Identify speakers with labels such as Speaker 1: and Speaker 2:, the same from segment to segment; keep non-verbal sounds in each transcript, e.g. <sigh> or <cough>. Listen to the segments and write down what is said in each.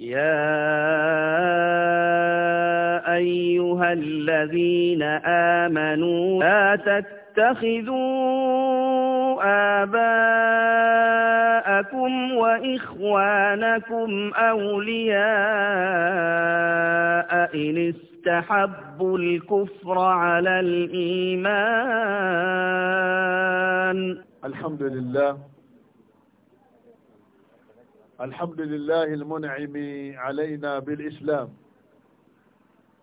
Speaker 1: يا أيها الذين آمنوا لا تتخذوا آباءكم وإخوانكم أولياء إن استحبوا الكفر على الإيمان الحمد لله الحمد لله المنعم علينا بالإسلام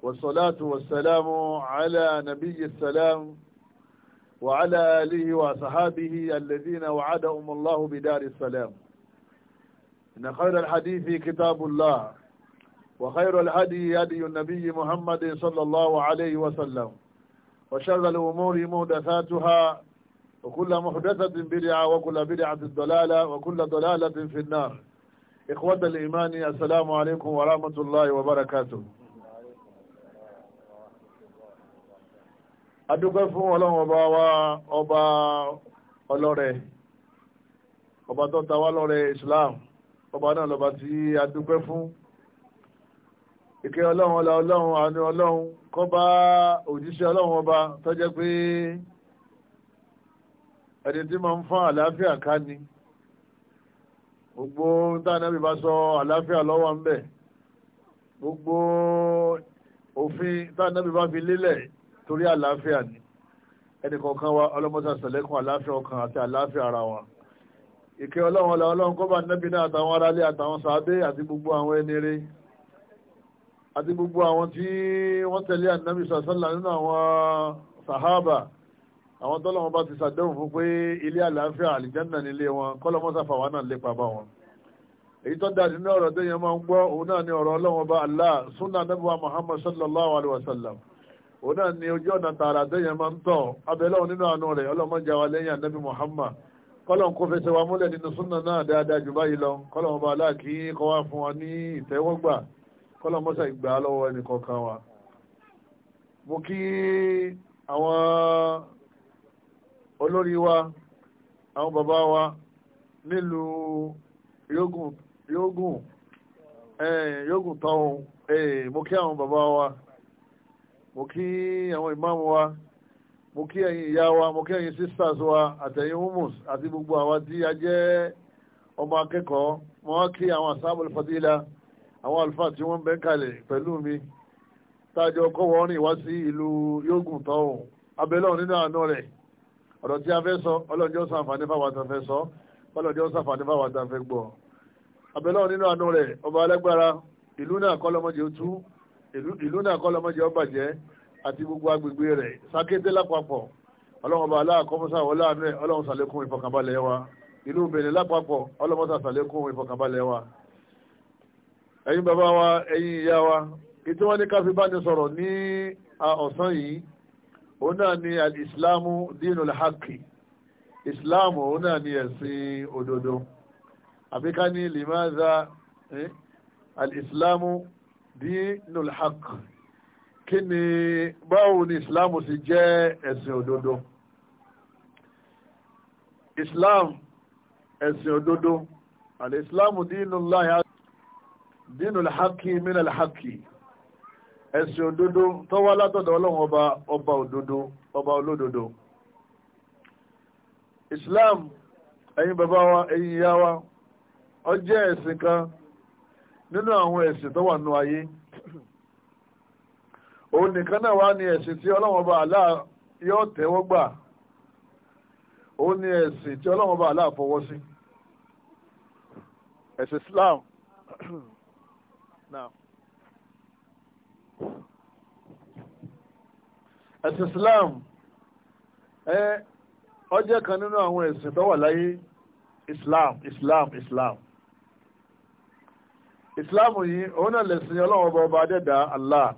Speaker 1: والصلاة والسلام على نبي السلام وعلى آله وصحابه الذين وعدهم الله بدار السلام إن خير الحديث كتاب الله وخير الهدي هدي النبي محمد صلى الله عليه وسلم وشر الأمور مهدثاتها وكل محدثة بدعة وكل بدعة ضلالة وكل ضلالة في النار إخوة الإيمان السلام عليكم ورحمة الله وبركاته adúgbẹ́ fún ọlọ́run ọba wa ọba ọlọ́rẹ̀ ọba tó ta wá lọ́rẹ̀ Islam ọba náà lọ́ba tí adúgbẹ́ fún ìkẹ́ ọlọ́run ọlá ọlọ́run àánú ọlọ́run kó bá òjíṣẹ́ ọlọ́run ọba tó pé ẹni tí máa ń fún àlàáfíà ká ni gbogbo tánàbí bá sọ àlàáfíà lọ́wọ́ ń bẹ̀ gbogbo òfin tánàbí bá fi lélẹ̀ torí àlàáfíà ni ẹnìkọ̀ọ̀kan wa ọlọ́mọta sẹ̀lẹ́kùn àlàáfíà ọkàn àti àlàáfíà ara wa ìkẹ́ ọlọ́run ọlá ọlọ́run kọ́ bá nẹ́bí náà àtàwọn aráalé àtàwọn sàábé àti gbogbo àwọn ẹni rere àti gbogbo àwọn tí wọ́n tẹ̀lé ànábì sàṣẹ́là nínú àwọn sàhábà àwọn tọ́lọ́wọ́n bá ti sàdéhùn fún pé ilé àlàáfíà àlìjánà nílé wọn kọ́lọ́mọ́sàfà wà náà lépa bá wọn èyí tó dáa nínú ọ̀rọ̀ tó máa ń gbọ́ òun náà ni ọ̀rọ̀ ọlọ́wọ́n bá Allah sunna nabuwa Muhammad sallallahu alaihi wasallam òun náà ni ojú ọ̀nà tààrà tó yẹn máa ń tọ̀ abẹ́lẹ́ òun nínú àánú rẹ̀ ọlọ́mọdé wa lẹ́yìn anabi Muhammad kọ́lọ́n kó wa múlẹ̀ nínú sunna náà dáadáa jù báyìí lọ kọ́lọ́n bá aláàkí kọ́ wá fún wa ní wa mo kí olórí wa àwọn bàbá wa nílùú yógùn yógùn yógùn táwọn mo kí àwọn bàbá wa mo kí àwọn ìmáàmù wa mo kí ẹ̀yin ìyá wa mo kí ẹ̀yin sisters wa àtẹ̀yin humus àti gbogbo àwa tí a jẹ́ ọmọ akẹ́kọ̀ọ́ mo wá kí àwọn asábòlù fadila àwọn àlùfáà tí wọ́n ń bẹ kalẹ̀ pẹ̀lú mi tájọ kọ́wọ́ rìn wá sí ìlú yógùn táwọn abẹ́lẹ́ nínú àánú rẹ̀ ọ̀rọ̀ tí a fẹ́ sọ ọlọ́jọ́ sàǹfààní fáwọn àtàn fẹ́ sọ ọlọ́jọ́ sàǹfààní fáwọn àtàn fẹ́ gbọ́ abẹ́lẹ́ nínú àánú rẹ̀ ọba alágbára ìlú náà kọ́lọ́mọdé tú ìlú náà kọ́lọ́mọdé ó bàjẹ́ àti gbogbo agbègbè rẹ̀ sákété lápapọ̀ ọlọ́run ọba aláàkọ́mọ́sá wọlé àánú ẹ̀ ọlọ́run òun náà ni alìsílámù dínú làákì ìsìláàmù òun náà ni ẹ̀sìn òdodo àbíká ní limaza alìsílámù dínú làákì kí ni báwo ni ìsìláàmù sì jẹ́ ẹ̀sìn òdodo ìsìláàmù ẹ̀sìn òdodo alìsílámù dínú làákì dínú làákì mínà làákì. ẹ̀sìn òdodo tó wá látọ̀dọ̀ ọlọ́run ọba ọba òdodo ọba olódodo islam ẹ̀yin bàbá wa ẹ̀yin ìyá wa ó jẹ́ ẹ̀sìn kan nínú àwọn ẹ̀sìn tó wà nù ayé òun nìkan náà wá ní ẹ̀sìn tí ọlọ́run ọba àlá yóò tẹ́wọ́ gbà òun ní ẹ̀sìn tí ọlọ́run ọba àlá fọwọ́ sí ẹ̀sìn islam <clears throat> now. ẹ̀sìn Islam ẹ ó kan nínú àwọn ẹ̀sìn tó wà láyé Islam Islam Islam Islam yìí òun náà lẹ̀sìn ọlọ́run ọba ọba adẹ́dàá Allah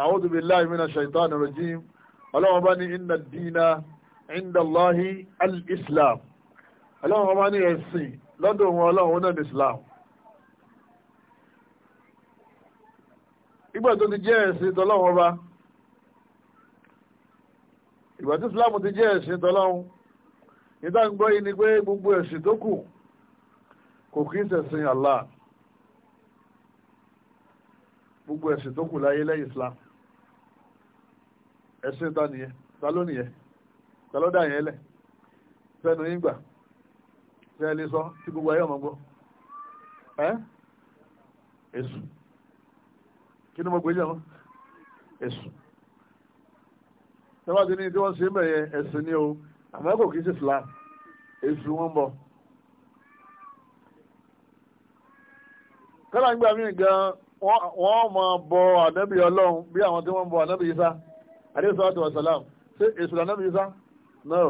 Speaker 1: a'udhu billahi minash rajim ọlọ́run bá ní dina inda al-Islam ọlọ́run bá ní ẹ̀sìn lọ́dọ̀ wọn ọlọ́run náà ní Islam. ìgbà tó ti jẹ́ ẹ̀sìn tọ́lọ́run ọba ìgbà tí Islam ti jẹ́ ẹ̀sìn tọ́lọ́run nígbà gbọ́ yìí ni pé gbogbo ẹ̀sìn tó kù kò kí ń Allah gbogbo ẹ̀sìn tó kù láyé lẹ́yìn Islam ẹ̀sìn ta nìyẹn ta ló nìyẹn ta ló dà yẹn lẹ̀ fẹ́nu yín gbà fẹ́ẹ́ lè sọ tí gbogbo ayé ọmọ gbọ́ ẹ́ èsù kí ni mo gbé jẹun ẹ̀sùn tẹ́wájú ní tí wọ́n ṣe ń bẹ̀yẹ ẹ̀sìn ni o àmọ́ kò kí sí fìlà èsù wọn bọ̀. kọ́lá ń gbà mí gan wọ́n máa bọ ànábì ọlọ́run bí àwọn tí wọ́n bọ ànábì Ìsá alayhi salatu wa salam ṣé èsù ànábì Ìsá náà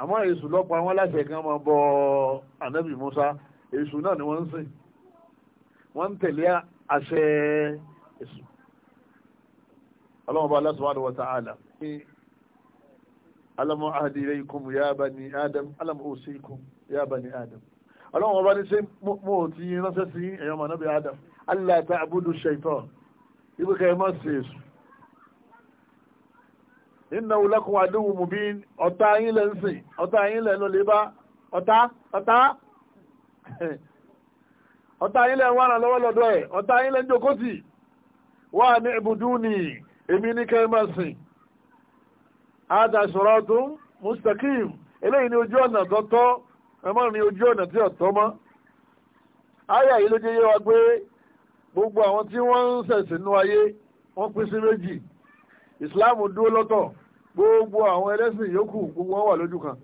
Speaker 1: àmọ́ èsù lọ́pọ̀ àwọn aláṣẹ kan máa bọ ànábì Mùsá èsù náà ni wọ́n ń sìn wọ́n ń tẹ̀lé àṣẹ èṣù ọlọ́mọba Allah subhanahu ala ta'ala pé alam ya bani adam ya bani adam ọlọ́mọba ní ṣe mọ́ ti ránṣẹ́ sí ẹ̀yọ́ mọ̀nàbí adam alla ta'budu shaytan ibi ká ẹ má ṣe èṣù innahu lakum mubin ọ̀tá yín lẹ́ ń ọta ọ̀tá yín lẹ́ lọ lè <laughs> wà ní ibùdúnì èmi ní kẹ́mẹ́sìn ada mustaqim eléyìí ni ojú ọ̀nà tọ́tọ́ ẹ ni ojú ọ̀nà tí ọ̀tọ́ mọ́ ayé yìí ló jẹ́ yé wa pé gbogbo àwọn tí wọ́n ń ṣẹ̀sìn nú ayé wọ́n pín sí méjì ìsìláàmù dúró lọ́tọ̀ gbogbo àwọn ẹlẹ́sìn yòókù gbogbo wọn wà lójú kan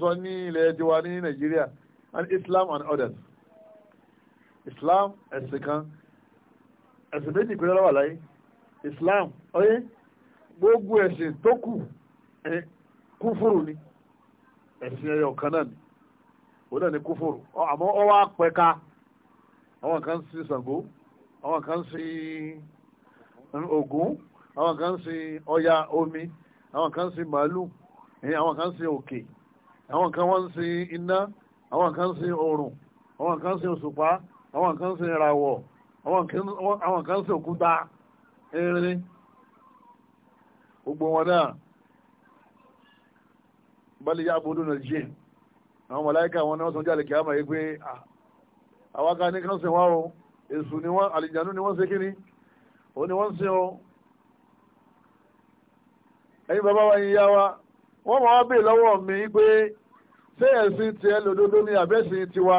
Speaker 1: sọ ní ilẹ̀ and islam and others islam ẹ̀sìn kan ẹ̀sìn méjì péré ló láyé islam ọyẹ gbogbo ẹ̀sìn tó kù kúfùrù ni ẹ̀sìn ẹyọ kan náà ni òun náà ni kúfùrù àmọ́ ọ wá pẹ̀ka àwọn kan sí Ṣàngó àwọn kan sí Ògún àwọn kan sí Ọya omi àwọn kan sí màálù àwọn kan sí òkè àwọn kan wọ́n sí iná àwọn kan sí oòrùn àwọn kan sí òṣùpá àwọn kan ṣe ìràwọ̀ àwọn kan ṣe òkúta erin gbogbo wọn náà bali ya abudu na jin àwọn mọ̀láíkà wọn ni wọ́n sọ jáde kí a máa yí pé àwáká ní kí wọ́n wá o èṣù ni wọ́n àlìjànú ni wọ́n ṣe kíni o ni wọ́n sin o ẹ̀yin bàbá wa yìí yá wa wọ́n máa wá bèè lọ́wọ́ mi pé ṣé ẹ̀sìn tiẹ̀ lòdodo ni àbẹ́sìn tiwa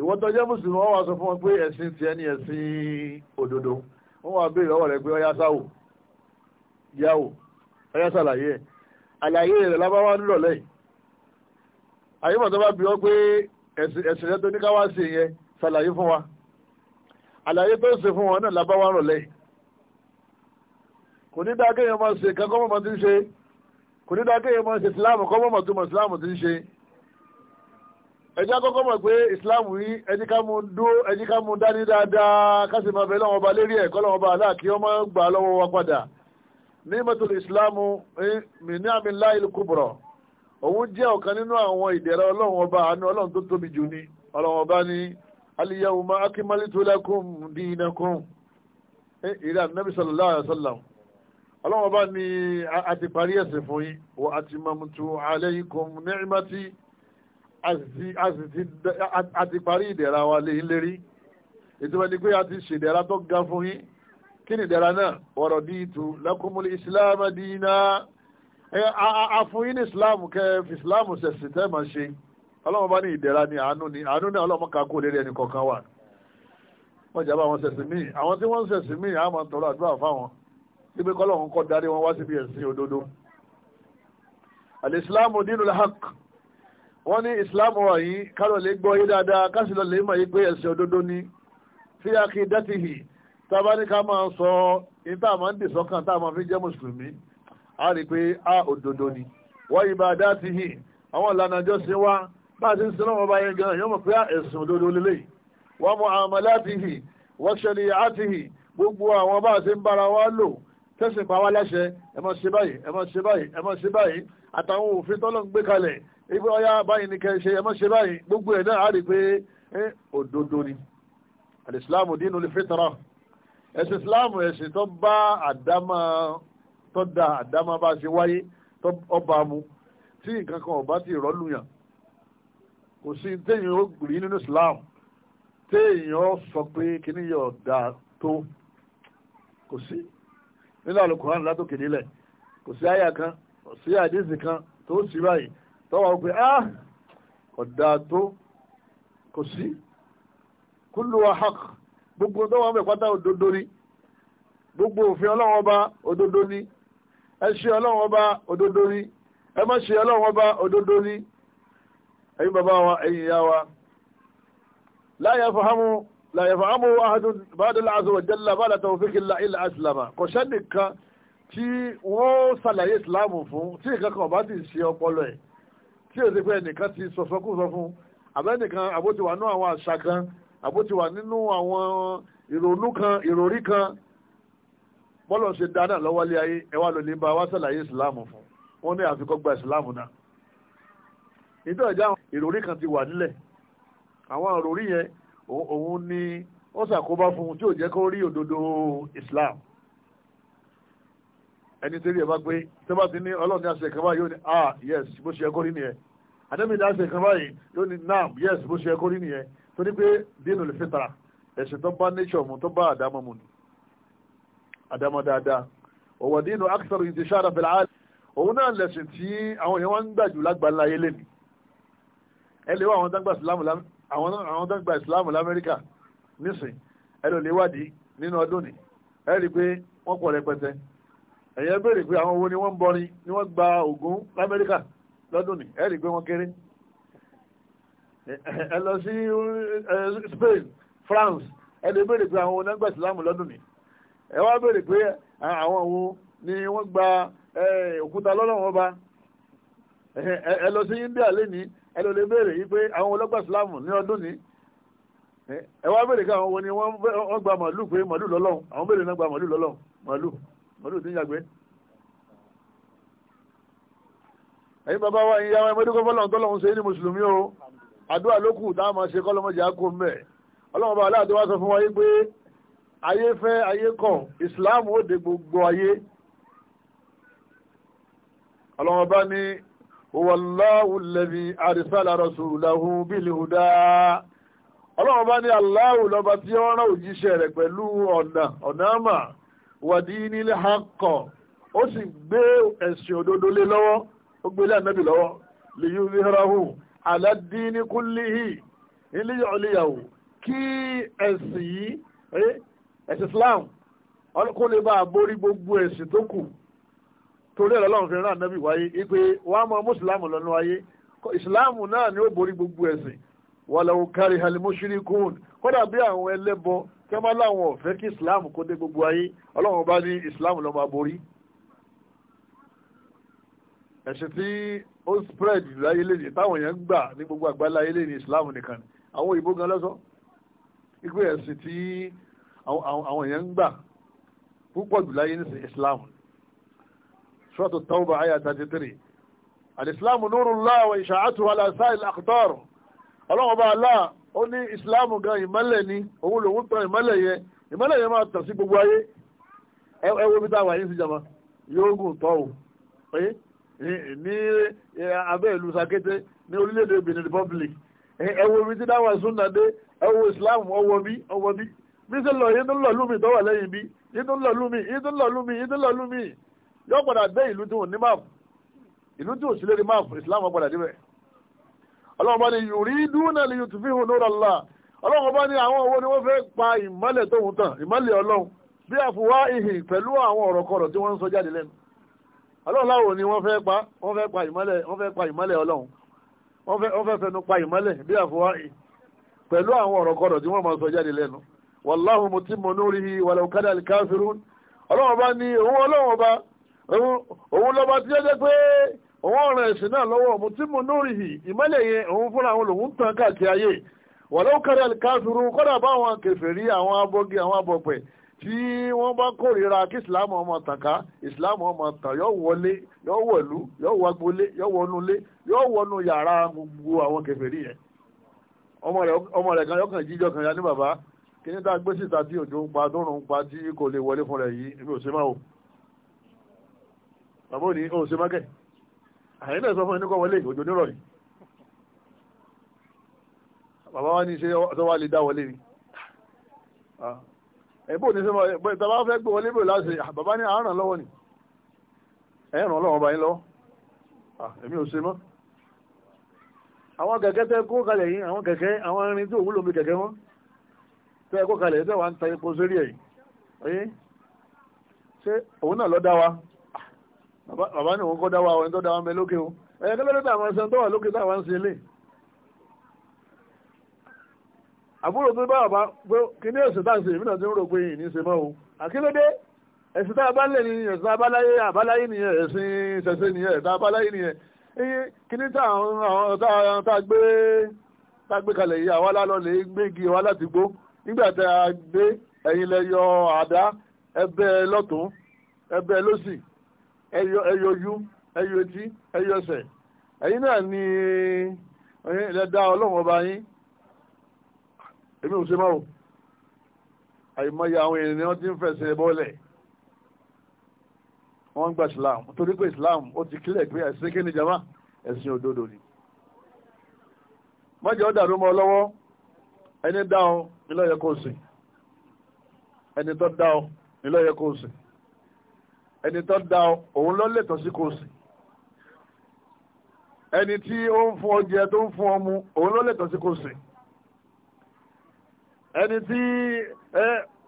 Speaker 1: ìwọ́n tó jẹ́ mùsùlùmí wọ́n wá sọ fún wọn pé ẹ̀sìn tiẹ̀ ní ẹ̀sìn òdodo wọ́n wá béèrè lọ́wọ́ rẹ̀ pé ọyá sáwò yáwò ọyá sàlàyé ẹ̀ àlàyé rẹ̀ lábáwá nírọ̀lẹ́ yìí àyèmọ̀ tó bá bí wọ́n pé ẹ̀sìn rẹ̀ tó ní káwá sí yẹn sàlàyé fún wa àlàyé tó ṣe fún wọn náà lábáwá rọ̀lẹ́ yìí kò ní dáa kéèyàn máa ṣe kankan mọ́ ẹjẹ́ akọ́kọ́ mọ̀ pé islam rí ẹjí ká mú dó ẹjí ká mú dání dáadáa ká sì máa bẹ lọ́wọ́ ọba lérí ẹ̀kọ́ lọ́wọ́ ọba aláàkí ọmọ gbà lọ́wọ́ wa padà ní mẹ́tò islam eh, mi ní àmì láìlú kúbọ̀rọ̀ òun jẹ́ ọ̀kan nínú àwọn ìdẹ̀rẹ̀ ọlọ́run ọba àánú ọlọ́run tó tóbi jù ní ọlọ́run ọba ní aliyahuma akimalitu lakum dinakum eh, ìrẹ́ ànábì sallallahu alaihi wasallam ọlọ́run ọba ní àti parí ẹ̀sìn fún yín wa atmamtu alaykum ni'mati a ti parí ìdẹ̀ra wa lé lérí ìtumọ̀ ni pé a ti ṣèdẹ̀ra tó ga fún yín kí ni ìdẹ̀ra náà wọ̀rọ̀ bí ìtù lakumul islam dínà a fún yín ní islam kẹ́ fi islam ṣẹ̀sìn tẹ́ máa ṣe ọlọ́mọ bá ní ìdẹ̀ra ni àánú ni àánú náà ọlọ́mọ kan kó lérí ẹnì kọ̀ọ̀kan wà wọ́n jà bá wọn ṣẹ̀sìn míì àwọn tí wọ́n ń ṣẹ̀sìn míì àmọ́ ń tọrọ àdúrà fáwọn síbi kọ́lọ́hún kọ́ darí wọn wá síbi ẹ̀sìn òdodo. al-islamu dinul haqq wọ́n ní islam wà yìí káró lè gbọ́ yé dáadáa kásìlọ lè mọ̀ yí pé ẹ̀sìn òdodo ni fi akidatihi tábà ní ká máa sọ ní a máa ń dì sọ́kàn tá a máa fi jẹ́ mùsùlùmí a rí pé a òdodo ni wa ibadatihi àwọn ìlànà ìjọsìn wa bá a ti ń sin lọ́wọ́ bá yẹn gan yóò mọ̀ pé ẹ̀sìn òdodo lélẹ̀ wa muamalatihi wa shari'atihi gbogbo àwọn bá a ti ń bára wa lò tẹ̀sìn pa wá láṣẹ ibi ọya báyìí ni kẹ́ ṣe ẹ má ṣe báyìí gbogbo ẹ̀ náà á rí i pé òdodo ni alìsílámù dínú lè fẹ́tara ẹ̀sìn ìsìlámù ẹ̀sìn tó bá àdámà tó da àdámà bá ṣe wáyé tó ọba mu tí nǹkan kan ọba ti rọ́lùyàn kò sí téèyàn ó rí nínú ìsìlámù téèyàn sọ pé kíní yóò da tó kò sí nínú àlùkùránì látòkè nílẹ̀ kò sí àyà kan kò sí àdéhùn kan tó sì báyìí tọ́wọ́ pé ah, á ọ̀dà tó kò sí kúlù ahak gbogbo tọ́wọ́ mẹ́ pátá òdodo ni gbogbo òfin ọlọ́wọ́ bá òdodo ni ẹ ṣe ọlọ́wọ́ bá òdodo ni ẹ má ṣe ọlọ́wọ́ bá òdodo ni ẹ̀yin bàbá wa ẹ̀yin ìyá wa láyé fahamu láyé fahamu ahadun bàdàlá azọ̀wọ̀jẹ́lá bàdà tawfiqillah illa aslama kò sẹ́nìkan tí wọ́n ṣàlàyé ìsìláàmù fún tí ìkankan ọ̀bá ti ṣe ọpọlọ ẹ̀ tí o ti pé ẹnìkan ti sọ̀sọ́kùsọ fún abẹ́nìkan àbótiwà nínú àwọn àṣà kan àbótiwà nínú àwọn ìrònú kan ìròrí kan bọ́lọ̀ ṣe dáadáa lọ́wọ́lé ayé ẹwà ló lè ba wá sàlàyé ìsìláàmù fún wọn ní àfikọ́ gba ìsìláàmù náà nítorí ìjà ìròrí kan ti wà nílẹ̀ àwọn ìròrí yẹn òun ni ó ṣàkóbá fún un tí ò jẹ́ kó rí òdodo ìsìláàmù ẹni tí ẹ bá gbé tó bá ti ní ọlọ́run ní àṣẹ kan báyìí yóò ní ah yes bó ṣe ẹkọ rí nìyẹn àdébí ní àṣẹ kan báyìí yóò ní nam yes bó ṣe ẹkọ rí nìyẹn tó ní pé dínú lè fi tara ẹ̀sìn tó bá nature mu tó bá àdámọ́ mu ni àdámọ́ dáadáa òwò dínú akitọ́rù yìí ti ṣáàrà fẹ̀lẹ́ àlẹ́ òun náà lẹ̀sìn tí àwọn èèyàn wá ń gbàjù lágbàláyé lẹ́nu ẹ lè wá àwọn tó ń gba ìsìláàmù lamẹ́ríkà nísìn ẹ lè wádìí nínú ọdún ni ẹ rí i pé ẹ̀yẹ́ béèrè pé àwọn owó ni wọ́n ń bọ ni ni wọ́n gba ògùn lamẹ́ríkà lọ́dún ni ẹ̀rí pé wọ́n kéré ẹ lọ sí Spain France ẹ lè béèrè pé àwọn onágbà ìsìlámù lọ́dún ni ẹ wá béèrè pé àwọn wo ni wọ́n gba òkúta lọ́dọ̀ wọn bá ẹ lọ sí India lẹ́ni ẹ lọ lè béèrè yìí pé àwọn olọ́gbà ìsìlámù ní ọdún ni ẹ wá béèrè pé àwọn wo ni wọ́n gba màálù pé màálù lọ́lọ́run àwọn béèrè náà gba màálù lọ́lọ́run màálù mọ́lù tí ń yàgbẹ́ ẹ̀yin bàbá wa ìyá wa ẹmọdé kọ́fọ́ lọ́hún tọ́lọ́hún ṣe ní mùsùlùmí o àdúrà ló kù táwọn máa ṣe kọ́lọ́mọdé àkó mẹ́ ọlọ́mọba aláàdé wa sọ fún wa yí pé ayé fẹ́ ayé kọ̀ ìsìláàmù ó de gbogbo ayé ọlọ́mọba ní wàláwù lẹ́bi àrísàlà rasulahu bil huda ọlọ́mọba ní aláwù lọ́ba tí ó rán òjíṣẹ́ rẹ̀ pẹ̀lú ọ̀nà ọ̀nà àmà wàdíní lẹ́hàkọ̀ ó sì gbé ẹ̀sìn òdodo lé lọ́wọ́ ó gbé lé ànábì lọ́wọ́ lèyí rírahù aládíní kúlíhì iléyà ọ̀lẹ́yàwó kí ẹ̀sìn yìí ẹ̀sìn Islam kó lè bá a borí gbogbo ẹ̀sìn tó kù torí ẹ̀rọ ọlọ́run fi rán ànábì wáyé ipe wà á mọ mùsùlámù lọ́nu wáyé náà ni ó borí gbogbo ẹ̀sìn wàlàwò tẹ́mọ́ láwọn ọ̀fẹ́ kí islam kó dé gbogbo ayé ọlọ́run bá ní islam ló máa borí ẹ̀sìn tí ó spread láyé lẹ́yìn táwọn èèyàn gbà ní gbogbo àgbáńlá ayé lẹ́yìn islam nìkan àwọn òyìnbó gan lọ́sọ́ ipe ẹ̀sìn tí àwọn èèyàn gbà púpọ̀ jù láyé ní islam suratu tawba ayah thirty three al-islamu nurullah wa isha'atuhu ala sa'il aqtar ọlọ́run bá aláà ó ní ìsìláàmù gan ìmọ́lẹ̀ ni òun lòun tan ìmọ́lẹ̀ yẹn ìmọ́lẹ̀ yẹn máa tàn sí gbogbo ayé ẹ wo bí táwọn àyè sí jama yóò gùn tọ́ o pé ní abẹ́ ìlú sakété ní orílẹ̀-èdè Benin Republic ẹ wo bí tí dáwà súnà dé ẹ wo ìsìláàmù ọwọ́ bí ọwọ́ bí bí sẹ́ lọ yín tó ń lọ lúmi tó wà lẹ́yìn bí yín tó ń lọ lúmi yín tó ń lọ lúmi yín tó ń lọ lúmi yóò padà dé ìlú tí wọn ní máàpù ìlú tí òsì ọlọ́run bá ní yuriduna li yutfihu nurallah ọlọ́run bá ní àwọn owó ni wọ́n fẹ́ pa ìmọ́lẹ̀ tóun tàn ìmọ́lẹ̀ ọlọ́run bí àfùwá ìhìn pẹ̀lú àwọn ọ̀rọ̀ kọ̀rọ̀ tí wọ́n ń sọ jáde lẹ́nu ọlọ́run láwo ni wọ́n fẹ́ pa wọ́n fẹ́ pa wọ́n fẹ́ pa ìmọ́lẹ̀ ọlọ́run wọ́n fẹ́ fẹnu pa ìmọ́lẹ̀ bí àfùwá ìhìn ti òun ọ̀ràn ẹ̀sìn náà lọ́wọ́ mo tí mo lórí yìí ìmọ́lẹ̀ yẹn òun fúnra àwọn lòun tàn káàkiri ayé wọ̀lẹ́ ó kẹ́rẹ́ káfíru kọ́dà bá àwọn kèfèrí àwọn abọ́gi àwọn abọ̀pẹ̀ tí wọ́n bá kórìíra kí ìsìláàmù ọmọ tànká ìsìláàmù ọmọ tàn yóò wọlé yóò wọ̀lú yóò wagbolé yóò wọnúlé yóò wọnú yàrá gbogbo àwọn kèfèrí yẹn ọmọ rẹ̀ kan yọkàn jíjọ kan ya ní bàbá kí ní tá a gbé òjò ń pa tó ń pa tí kò lè wọlé fún rẹ̀ yìí ní òsèmáwò bàbá ò ní òsèmákẹ́ àyìn náà sọ fún ẹni kọ́ wọlé òjò nírọ̀ yìí bàbá wa ní ṣe ọ̀tọ́wà lè dá wọlé ni ẹ̀bùn ní sọ́mọ́ ìtàbá fẹ́ gbé wọlé bòrò láti bàbá ní àárán lọ́wọ́ ni ẹ̀ràn lọ́wọ́ bá yín lọ́wọ́ èmi ò ṣe mọ́ àwọn kẹ̀kẹ́ tẹ́ kó kalẹ̀ yìí àwọn kẹ̀kẹ́ àwọn irin tí òwúlò mi kẹ̀kẹ́ wọn tẹ́ kó kalẹ̀ tẹ́ wà ń ta epo sórí ẹ̀ yìí ṣé òun náà lọ dá wa bàbá ní òun kọ́ dá wa àwọn tó dá wa mẹ lókè o ẹ̀yẹ kẹ́lẹ́ lóta àwọn ẹsẹ̀ tó wà lókè táwọn ń ṣe lé àbúrò tó bá bàbá pé kí ní ẹ̀sìn táà ń ṣe èmi náà ti ń rò pé ìní ṣe mọ́ o àkílódé ẹ̀sìn táà bá lẹ̀ ní ẹ̀sìn abáláyé àbáláyé nìyẹn ẹ̀sìn ṣẹṣẹ nìyẹn ẹ̀sìn abáláyé nìyẹn iye kí ní táà gbé táà gbé ẹbẹ lọ́tún ẹbẹ lọ́sì ẹyọ ẹyọ ojú ẹyọ etí ẹyọ ẹsẹ̀ ẹ̀yin náà ni ẹ̀dá ọlọ́run ọba yín èmi ò ṣe máa wò àìmọye àwọn ènìyàn ti ń fẹsẹ̀ bọ́lẹ̀ wọ́n ń gba islam torí pé islam ó ti kílẹ̀ pé ẹ̀sìn kí ni jama ẹ̀sìn òdodo ni mọ́jọ́ dàrú mọ́ lọ́wọ́ ẹni dá ọ nílọ́yẹ kó sìn ẹni tó dá ọ nílọ́yẹ kó sìn ẹni tó dá ọ òun ló lẹ́tọ̀ọ́ sí kò sí ẹni tí ó ń fún ọ jẹ tó ń fún ọ òun ló lẹ́tọ̀ọ́ sí kò ẹni tí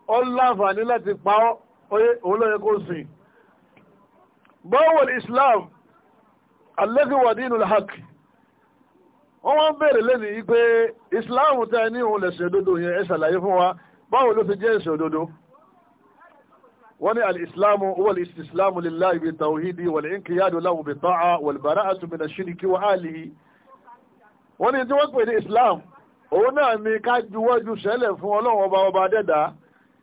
Speaker 1: ó láǹfààní láti pa ọ òun ló yẹ kó sí. Islam alladhi wa dinul haqq wọ́n wá ń bèèrè lẹ́nu yìí pé Islam tẹ́ ní òun lẹ̀sìn òdodo yẹn ẹ ṣàlàyé fún wa báwo ló fi jẹ́ ẹ̀sìn òdodo wọ́n ní alìsìláàmù wọ́n ìsìsìláàmù lillahi bi tawhidi wal inqiyadu lahu bi ta'a wal bara'atu min ash-shirki wa alihi wọ́n ní tí wọ́n pè ní islam òun náà ni ká juwọ́jú sẹ́lẹ̀ fún ọlọ́run ọba ọba dẹ́dà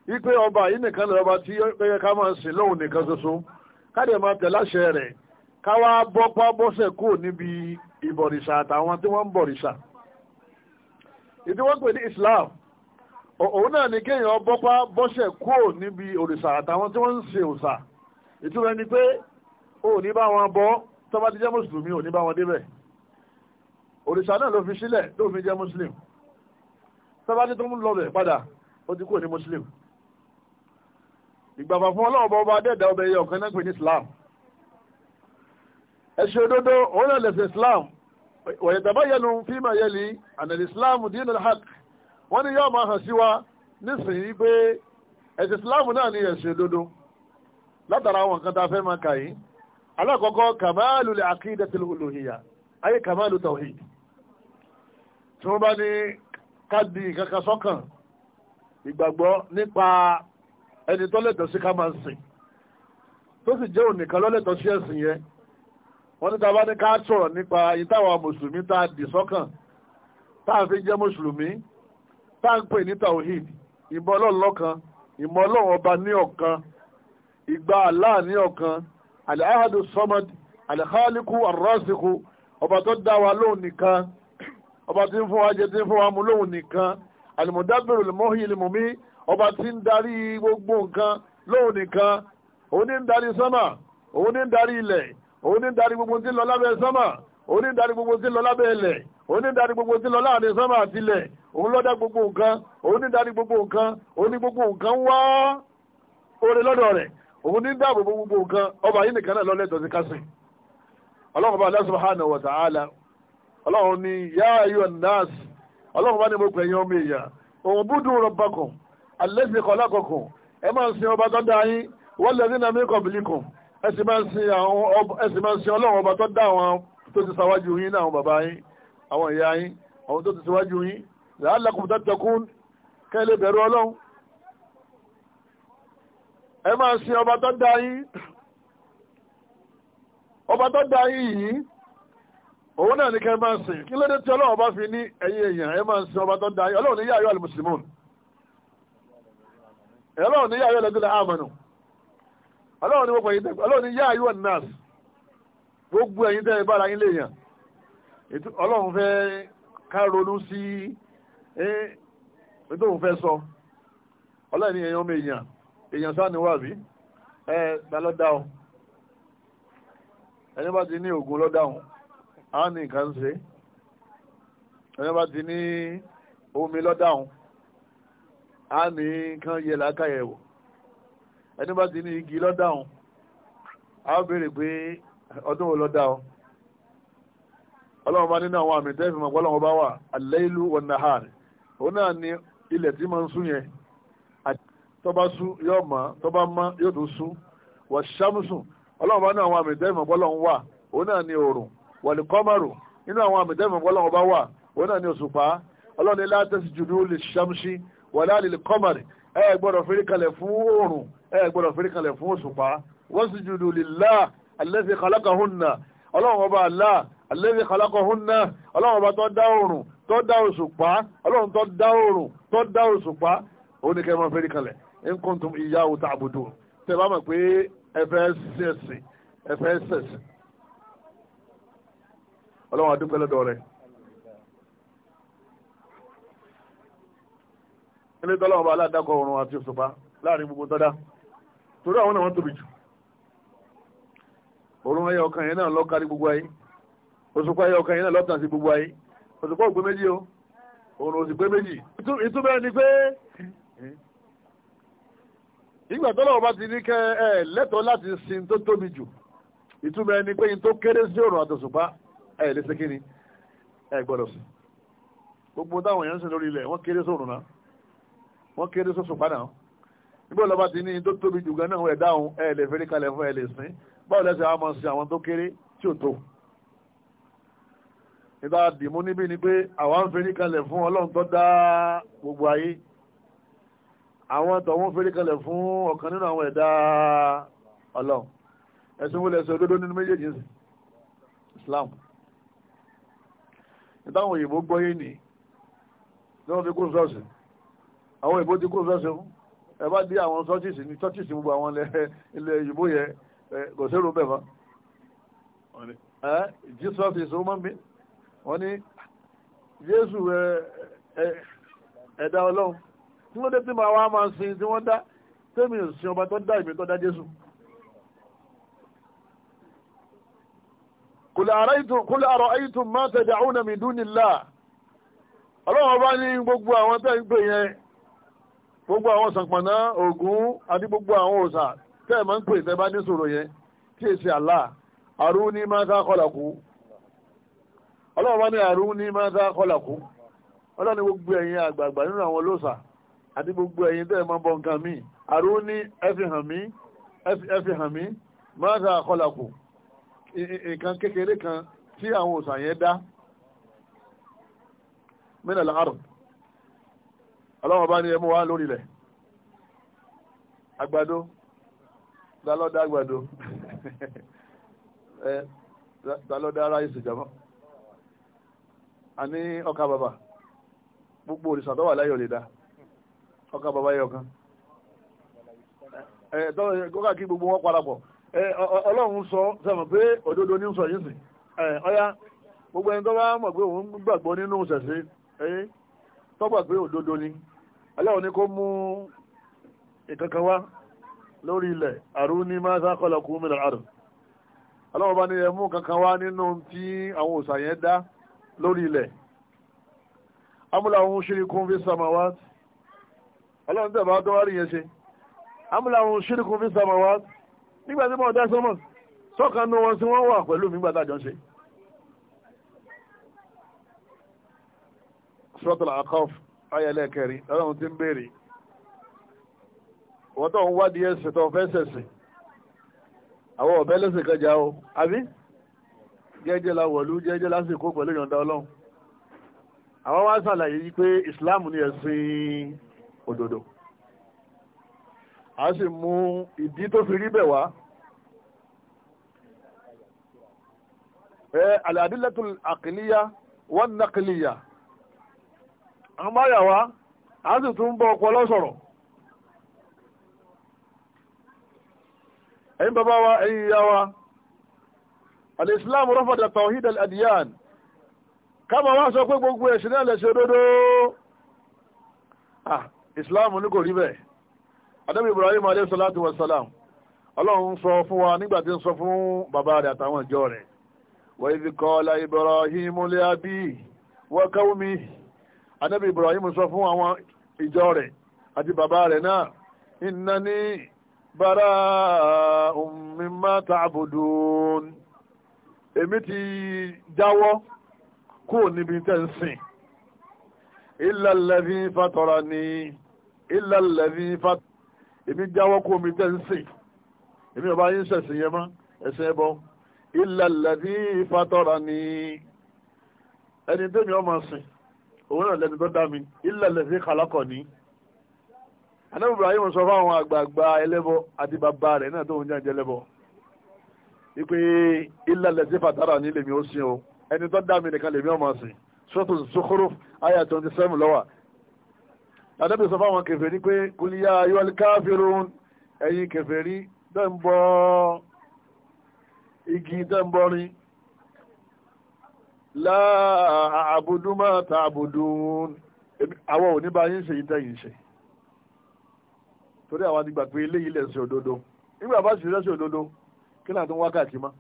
Speaker 1: wípé ọba yìí nìkan lè ọba tí pẹ́yẹ ká máa sìn lóhun nìkan ṣoṣo káde máa tẹ̀ láṣẹ rẹ̀ káwá bọ́pá bọ́sẹ̀ kú níbi ìbọ̀rìṣà àtàwọn tí wọ́n ń bọ̀rìṣà ìdí pè ní islam òun náà ni kéèyàn bọ́pá bọ́sẹ̀ kúrò níbi òrìṣà àtàwọn tí wọ́n ń ṣe òòṣà ìtumọ̀ ẹni pé o ò ní bá wọn bọ́ tó bá ti jẹ́ mùsùlùmí ò ní bá wọn débẹ̀ òrìṣà náà ló fi sílẹ̀ tó fi jẹ́ muslim tó bá ti tó ń lọ bẹ̀ padà ó ti kúrò ní muslim ìgbàgbà fún ọlọ́run bọ́ bá dẹ́ẹ̀dá ọbẹ̀ yẹ ọ̀kan náà pè ní islam ẹ̀ṣẹ̀ òdodo òun náà lẹ̀sẹ̀ islam wọ̀yẹ̀dàbáyẹnu wọ́n ní yóò máa hàn sí wa nísìnyí pé ẹ̀sìn islam náà ni ẹ̀sìn òdodo látara àwọn nǹkan tá a fẹ́ máa kà yìí alákọ̀ọ́kọ́ kàmáàlù lè àkídà tí ó lòhìyà ayé kàmáàlù tawhid tí wọ́n bá ní káàdì kankan sọ́kàn ìgbàgbọ́ nípa ẹni tó lẹ́tọ̀ọ́ sí ká máa sìn tó sì jẹ́ ònìkan lọ́lẹ́tọ̀ọ́ sí ẹ̀sìn yẹn wọ́n ní ta bá ní ká sọ̀rọ̀ nípa ìtawà mùsùlùmí tá a dì sọ́kàn tá fi jẹ́ mùsùlùmí tá à ń pè ní tawhid ìmọ̀ ọlọ́run lọ́kan ìmọ̀ ọlọ́run ọba ní ọ̀kan ìgbà Allah ní ọ̀kan al-ahadu samad al-khaliqu ar-rasiqu ọba tó dá wa lóhùn nìkan ọba tí ń fún wa jẹ tí ń fún wa mu lóhùn nìkan al-mudabbiru al-muhyi al-mumi ọba tí ń darí gbogbo nǹkan lóhùn nìkan òun ní ń darí sánmà òun ní ń darí ilẹ̀ òun ní ń darí gbogbo tí ń lọ lábẹ́ sánmà òun ní ń darí gbogbo tí ń lọ lábẹ́ ilẹ̀ òun ní ń darí gbogbo tí ń lọ láàrin sánmà àti ilẹ̀ òun ló gbogbo nǹkan òun ní gbogbo nǹkan òun ní gbogbo nǹkan wá oore lọ́dọ̀ rẹ̀ òun ní dáàbò gbogbo nǹkan ọba yìí nìkan náà kásìn ọlọ́run bá ọlọ́run ní yá ayọ̀ nọ́ọ̀sì ọlọ́run bá ní mo ọmọ èèyàn òun ẹ máa ń sin ọba tó dá yín àwọn tó ti yín náà làálàkùn tàtàkùn kẹ́lẹ́ bẹ̀rù ọlọ́run ẹ máa sin ọba tó dá yín ọba tó dá yín yìí òun náà ní kẹ́ máa sìn kí ló dé tí ọlọ́run bá fi ní ẹ̀yin èèyàn ẹ máa sin ọba tó dá yín ọlọ́run ní yàrá àlùmùsùlùmùn ọlọ́run ní yàrá ẹlẹ́dínlẹ̀ àmọ́nù ọlọ́run ní gbogbo ẹ̀yin tẹ̀ ọlọ́run ní yàrá yóò nàásì gbogbo ẹ̀yin tẹ̀ bára yín léèyàn ọlọ́run fẹ́ ká ronú sí ee tó ń fẹ́ sọ ọlọ́ọ̀ni èèyàn ọmọ èèyàn èèyàn sáà ni wà bí ẹ ta ẹni bá ti ní oògùn lọ dáhùn ní nǹkan ṣe ẹni bá omi lọ a ní nǹkan yẹ làákàyẹ̀wò ẹni bá ti ní igi lọ a á pé ọdún wo lọ ọlọ́run bá nínú àwọn àmì tẹ́fì mọ̀ pọ́lọ́run bá wà òun ni ilẹ̀ tí máa ń sún yẹn tọ́ba sún yóò mọ́ tọ́ba mọ́ yóò wà ṣàmùsùn ọlọ́run bá ní àwọn wà ni òòrùn wọ̀lì kọ́mọ̀rù nínú àwọn àmì ìdẹ́mọ̀ bọ́lọ́run bá wà ni òṣùpá ọlọ́run ní látẹ̀sí jùlọ lè ẹ gbọ́dọ̀ kalẹ̀ fún ẹ gbọ́dọ̀ alẹ́bí kọlákọ̀ọ́húnná ọlọ́run ọba tó dá oòrùn tó dá òṣùpá ọlọ́run tó dá oòrùn tó dá òṣùpá òun ni kẹ́ máa fẹ́rí kalẹ̀ in kuntum iyyahu ta'budun tẹ́ bá mọ̀ pé ẹfẹ́ sẹ̀sì ẹfẹ́ sẹ̀sì ọlọ́run adúpẹ́ lọ́dọ̀ rẹ̀. ilé tọ́lá ọba aládàkọ̀ oòrùn àti òṣùpá láàrin gbogbo tọ́dá torí àwọn náà wọ́n tóbi jù oòrùn ẹyọ ọkàn yẹn náà lọ́ọ́ kárí gbogbo ayé òṣùpá ẹyọ ọkàn yìí náà lọ́tàn sí gbogbo ayé òṣùpá ògbé méjì o òrùn òsì pé méjì ìtúbẹ̀ ni pé ìgbà tó lọ́wọ́ bá ti ní kẹ́ ẹ lẹ́tọ̀ọ́ láti sin tó tóbi jù ìtúbẹ̀ ni pé in tó kéré sí òrùn àtòṣùpá ẹ lè ṣe kíni ẹ gbọ́dọ̀ sí gbogbo táwọn èèyàn ń sìn lórí ilẹ̀ wọ́n kéré sóòrùn náà wọ́n kéré sóṣùpá náà nígbà lọ́ba ti ní in tó tóbi jù gan náà ẹ̀ dáhùn ẹ lè fẹ́rí kalẹ̀ fún ẹ lè sìn báwo lẹ́sẹ̀ á mọ̀ sí àwọn tó kéré tí ò tó nígbà dìmú níbí ni pé àwa ń ferí kalẹ̀ fún ọlọ́run tó dá gbogbo ayé àwọn tọ̀wọ́n ferí kalẹ̀ fún ọ̀kan nínú àwọn ẹ̀dá ọlọ́run ẹ̀sìn wọlé ẹ̀sìn òdodo nínú méjèèjì Islam ìtàwọn òyìnbó gbọ́yé ni ní wọ́n fi kún sọ́ọ̀sì àwọn òyìnbó ti kún sọ́ọ̀sì fún ẹ bá dé àwọn sọ́ọ̀sì ní sọ́ọ̀sì gbogbo àwọn ilẹ̀ òyìnbó yẹ kò sí èrò bẹ́ẹ̀ mọ́ Jesus is human being wọ́n ní jésù ẹ̀dá ọlọ́run tí wọ́n dé tí ma wá máa sin tí wọ́n dá tẹ́mi ò sin ọba tó dá ìmí tó dá jésù. kul ara'aytum ma tad'una min dunillah ọlọ́run ọba ní gbogbo àwọn tẹ́ ń gbé yẹn gbogbo àwọn sànpọ̀nà ògún àti gbogbo àwọn òòṣà tẹ́ ẹ̀ máa ń pè tẹ́ bá ní sọ̀rọ̀ yẹn kí èsì Allah àrùn ní máa ká kọlà kú ọlọ́run wá ní àrùn ní mẹ́ta kọlàkú ọlọ́run ní gbogbo ẹ̀yin àgbààgbà nínú àwọn olóòsà àti gbogbo ẹ̀yin tẹ́ ẹ máa ń bọ nǹkan míì àrùn ní ẹfi hàn mí ẹfi hàn mí mẹ́ta kọlàkú nǹkan kékeré kan tí àwọn òòsà yẹn dá mẹ́ta làárọ̀ ọlọ́run bá ní ẹ mú lórí ilẹ̀ àgbàdo ta àgbàdo ta <laughs> ló dá ráìsì àní ọkà bàbà gbogbo òrìṣà tó wà láyọ̀ lè dá ọkà bàbá yẹ ọ̀kan ẹ̀ kí gbogbo wọn parapọ̀ ọlọ́run sọ sẹ́mọ̀ pé òdodo ní sọ yìí sìn ẹ̀ gbogbo ẹni tó bá mọ̀ pé òun gbàgbọ́ nínú tọ́gbà pé òdodo ni aláwọ̀ ni kó mú ìkankan wá lórí ilẹ̀ àrùn ní máa àrùn aláwọ̀ bá ní kankan wá nínú tí àwọn lórí ilẹ̀ amúlá ohun ṣirikun fi samawat ọlọ́run tẹ̀ bá dọ́wárí yẹn ṣe amúlá ohun ṣirikun fi samawat nígbà tí mo dá sọ́mọ̀ sọ́kan ní wọn tí wọ́n wà pẹ̀lú mi gbàdá jọ ṣe. suratul A'raf ayẹlẹ kẹrin ọlọ́run ti ń béèrè wọ́n tó ń wádìí ẹ̀sìn tó fẹ́ sẹ̀sìn àwọn ọ̀bẹ lẹ́sìn kẹjà o àbí jẹ́jẹ́ la wọ̀lú jẹ́jẹ́ lásìkò pẹ̀lú ìyọ̀ǹda ọlọ́run àwọn wá ṣàlàyé yìí pé islam ni ẹ̀sìn òdodo a sì mú ìdí tó fi rí bẹ̀ wá alàdílẹ́tù àkìlíyà wọ́n nàkìlíyà àwọn báyà wá a sì tún bọ́ ọpọlọ sọ̀rọ̀ ẹ̀yin bàbá wa ẹ̀yin ìyá wa alìsílámù rọ́fọ̀dà tawhid al-adiyan káàmà wá sọ pé gbogbo ẹ̀sìn náà lẹ̀sìn òdodo ah ìsìlámù ní kò rí bẹ́ẹ̀ adébí ibrahim alayhi salatu wa salam ọlọ́run sọ fún wa nígbà tí ń sọ fún bàbá rẹ̀ àtàwọn ìjọ rẹ̀ wa idh qala ibrahim li abihi wa qawmihi adébí ibrahim sọ fún àwọn ìjọ rẹ̀ àti bàbá rẹ̀ náà innani bara'un mimma ta'budun èmi ti jáwọ́ kúrò níbi tẹ́ ń sìn illal ladhi fatarani illal ladhi fat èmi jáwọ́ kúrò níbi tẹ́ ń sìn èmi ò bá yín ṣẹ̀sìn yẹn mọ́ ẹ̀sìn ẹbọ illal ladhi fatarani ẹni tẹ́mi ọmọ sìn òun náà lẹ́ni tó dá mi illal ladhi khalaqani anábìbìrì ayé wọn sọ fún àwọn àgbààgbà ẹlẹ́bọ àti bàbá rẹ̀ náà tó ń jẹ́ ẹlẹ́bọ wípé ilẹ̀ lẹ́sẹ̀ fàtàrà ní lèmi ó sin o ẹni tó dá mi nìkan lèmi ọmọ sìn sọ́tò sọ́kúrò àyà twenty seven lọ́wà. àdébí sọ fáwọn kèfèrí pé kúlíyà ayọ́lì káfírun ẹ̀yin kèfèrí tẹ́ ń bọ igi tẹ́ ń bọrin láà àbùdúmọ̀ tà àbùdún àwọn ò ní bá yín ṣe ìtẹ́yìn ṣe torí àwọn àdìgbà pé eléyìí lẹ̀ òdodo nígbà bá sì rẹ́ òdodo kí láti wákàtí mọ́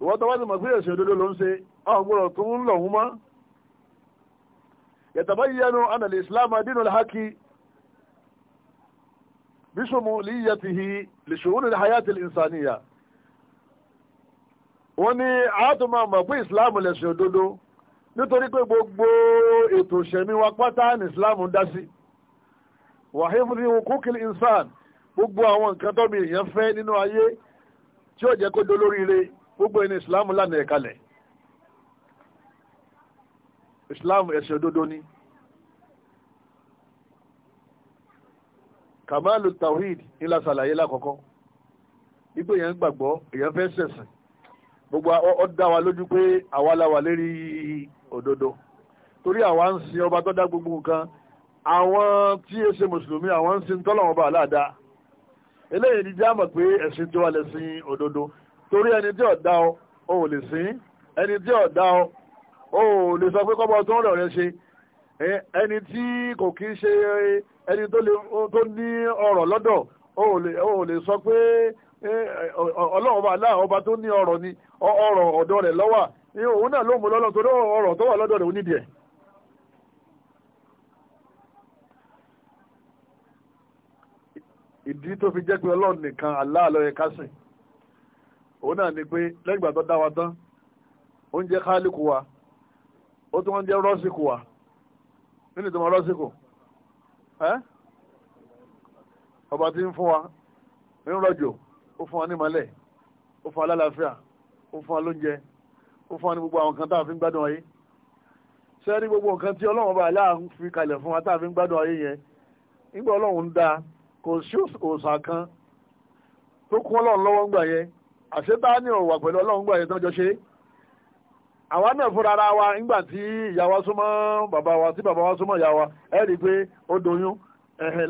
Speaker 1: ìwọ́n tó wá sí mọ̀ pé ẹ̀sìn òdodo ló ń ṣe àwọn gbọ́dọ̀ tó ń lọ̀ hún mọ́ yatabayyanu anna al-islam dinu al-haqi bishumuliyatihi li shu'un al-hayat al-insaniyya wọ́n ní àátùmọ̀ mọ̀ pé islam lẹ̀sìn òdodo nítorí pé gbogbo ètò ìṣẹ̀mí wa pátá ní islam dá sí wàhífù ní hukukil insan gbogbo àwọn nǹkan tó mi èèyàn fẹ́ nínú ayé tí ó jẹ́ kó dolóríire gbogbo ẹni ìsìláàmù lànà ẹ̀ kalẹ̀ ẹ̀sìn òdodo ni kamalu tawhid ńlá ṣàlàyé lákọ̀ọ́kọ́ ipò èèyàn gbàgbọ́ èèyàn fẹ́ sẹ̀sìn gbogbo ọ dá wa lójú pé àwa la wà lérí òdodo torí àwa ń sin ọba tó dá gbogbo nǹkan àwọn tí ó ṣe mùsùlùmí àwọn ń sin tọ́lọ́wọ́n bá aláàdáa eléyìí ni jáàmọ̀ pé ẹ̀sìn tí wà lè sin òdodo torí ẹni tí ọ̀dá ọ ò lè sin ẹni tí ọ̀dá ọ ò lè sọ pé kọ́bọ̀ tó ń rẹ̀ rẹ ṣe ẹni tí kò kí ń ṣe ẹni tó ní ọ̀rọ̀ lọ́dọ̀ ò lè sọ pé ọlọ́run bá láà ọba tó ní ọ̀rọ̀ ni ọ̀rọ̀ ọ̀dọ̀ rẹ̀ lọ́wà òun náà ló mú lọ́lọ́ torí ọ̀rọ̀ tó wà lọ́dọ̀ rẹ̀ onídìí ẹ̀ ìdí tó fi jẹ́ pé ọlọ́run nìkan Allah ló yẹ ká sìn òun náà ni pé lẹ́yìn ìgbà tó dá wa tán ó ń jẹ́ khaliqu wa ó tún wọ́n jẹ́ rọ́sìkù wa nínú ìtumọ̀ rọ́sìkù ẹ́ ọba tí ń fún wa ń rọ̀jò ó fún wa ní ìmọ̀lẹ̀ ó fún wa lálàáfíà ó fún wa lóúnjẹ ó fún wa ní gbogbo àwọn kan tá a fi ń gbádùn ayé sẹ́ẹ̀rí gbogbo nǹkan tí ọlọ́run ọba aláà ń fi kalẹ̀ fún wa tá a fi ń gbádùn ayé yẹn nígbà ọlọ́run dáa kò sí tó kún ọlọ́run lọ́wọ́ ń gbà yẹn wà pẹ̀lú ọlọ́run gbà yẹn tán jọ ṣe àwa náà fúnra ara wa nígbà tí ìyá súnmọ́ bàbá wa tí bàbá wa súnmọ́ ìyá wa ẹ rí i pé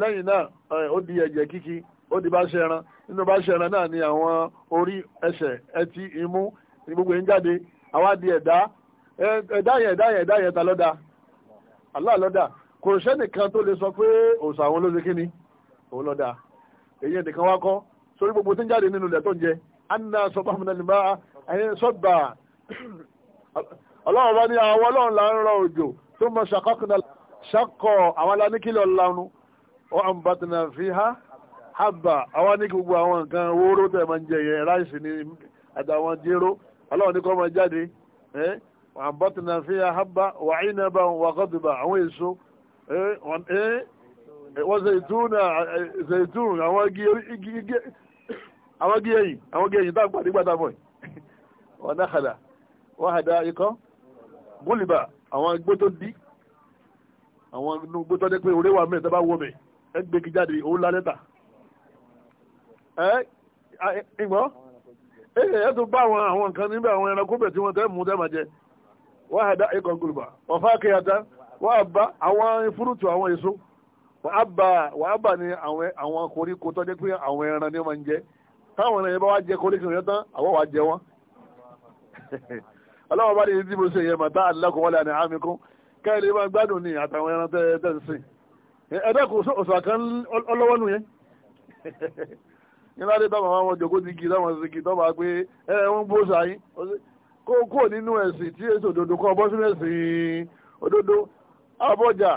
Speaker 1: lẹ́yìn náà ó di ẹ̀jẹ̀ kíkí ó di bá nínú bá náà ni àwọn orí ẹsẹ̀ ẹtí imú gbogbo yẹn àwa di ẹ̀dá òun lọ èyí ẹnìkan wá kọ́ sórí gbogbo tí ń jáde nínú ilẹ̀ tó ń jẹ anna sọba mọ̀nàlìmá ẹ̀yìn sọ́gbà ọlọ́run bá ní àwọn ọlọ́run là ń rọ òjò tó mọ ṣàkọ́kùnà ṣàkọ́ àwọn aláníkílẹ̀ ọ̀lanu fi ha haba àwọn ní gbogbo àwọn nǹkan wóró tẹ̀ máa ń jẹ yẹn ráìsì ní àtàwọn jéró ọlọ́run ní kọ́ máa jáde fi wọ́n zaituna zaitun àwọn igi ẹ̀yìn àwọn igi ẹ̀yìn táàpù àti gbàtà fún ẹ̀ wọ́n náhàdà wọ́n hàdà ikọ́ gúlìbà àwọn igbó tó dí àwọn igbó tó dé pé orí wà mẹ́rin tó bá wọ́ mi ẹ gbé kí jáde òun la lẹ́tà ẹ ìgbọ́ ẹ ẹ tó bá àwọn àwọn nǹkan níbẹ̀ àwọn ẹranko bẹ̀ tí wọ́n tẹ́ mú tẹ́ máa jẹ wọ́n hàdà ikọ̀ gúlìbà wọ́n fákẹ́yàtà wọ́n àbá àwọn fúrúùtù àwọn èso wàá bà ní àwọn koríko tó jẹ́ pé àwọn ẹran ni wọ́n máa ń jẹ táwọn ẹran yẹn bá wá jẹ koríko yẹn tán àwọn wàá jẹ wọ́n. ọlọ́wọ́ bá ní ibi tí mo ṣe yẹn mà tá àdìlákùn wọlé àná àmì kún kẹ́rin lè máa gbádùn ní àtàwọn ẹran tẹ́ ń sìn. ẹ̀dá kò sọ àkàn ọlọ́wọ́ nù yẹn. nílá dé táwọn àwọn jòkó ti gi táwọn ti gi tọ́ba pé ẹ ń bó sàyín kó kó nínú ẹ̀sìn tí èso òdodo kọ́ bọ́sùn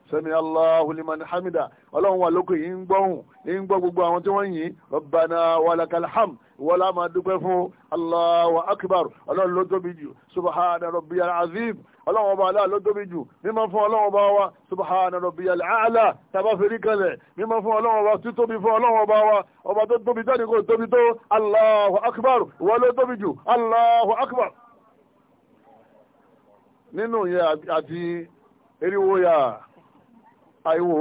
Speaker 1: sami allahu liman hamida ọlọ́run wà lókè yìí ń gbọ́hùn yìí ń gbọ́ gbogbo àwọn tí wọ́n yìn rabbana walakal hamd wọlá máa dúpẹ́ fún allahu akbar ọlọ́run ló tóbi jù subhana rabbiyal azim ọlọ́run ọba aláà ló tóbi jù mímọ́ fún ọlọ́run ọba wa subhana rabbiyal a'la tàbá fèrí kalẹ̀ mímọ́ fún ọlọ́run ọba tí tóbi fún ọlọ́run ọba wa ọba tó tóbi jáde kó tóbi tó allahu akbar wọ́n ló tóbi jù allahu akbar nínú yẹn àti eriwo yàrá àìwò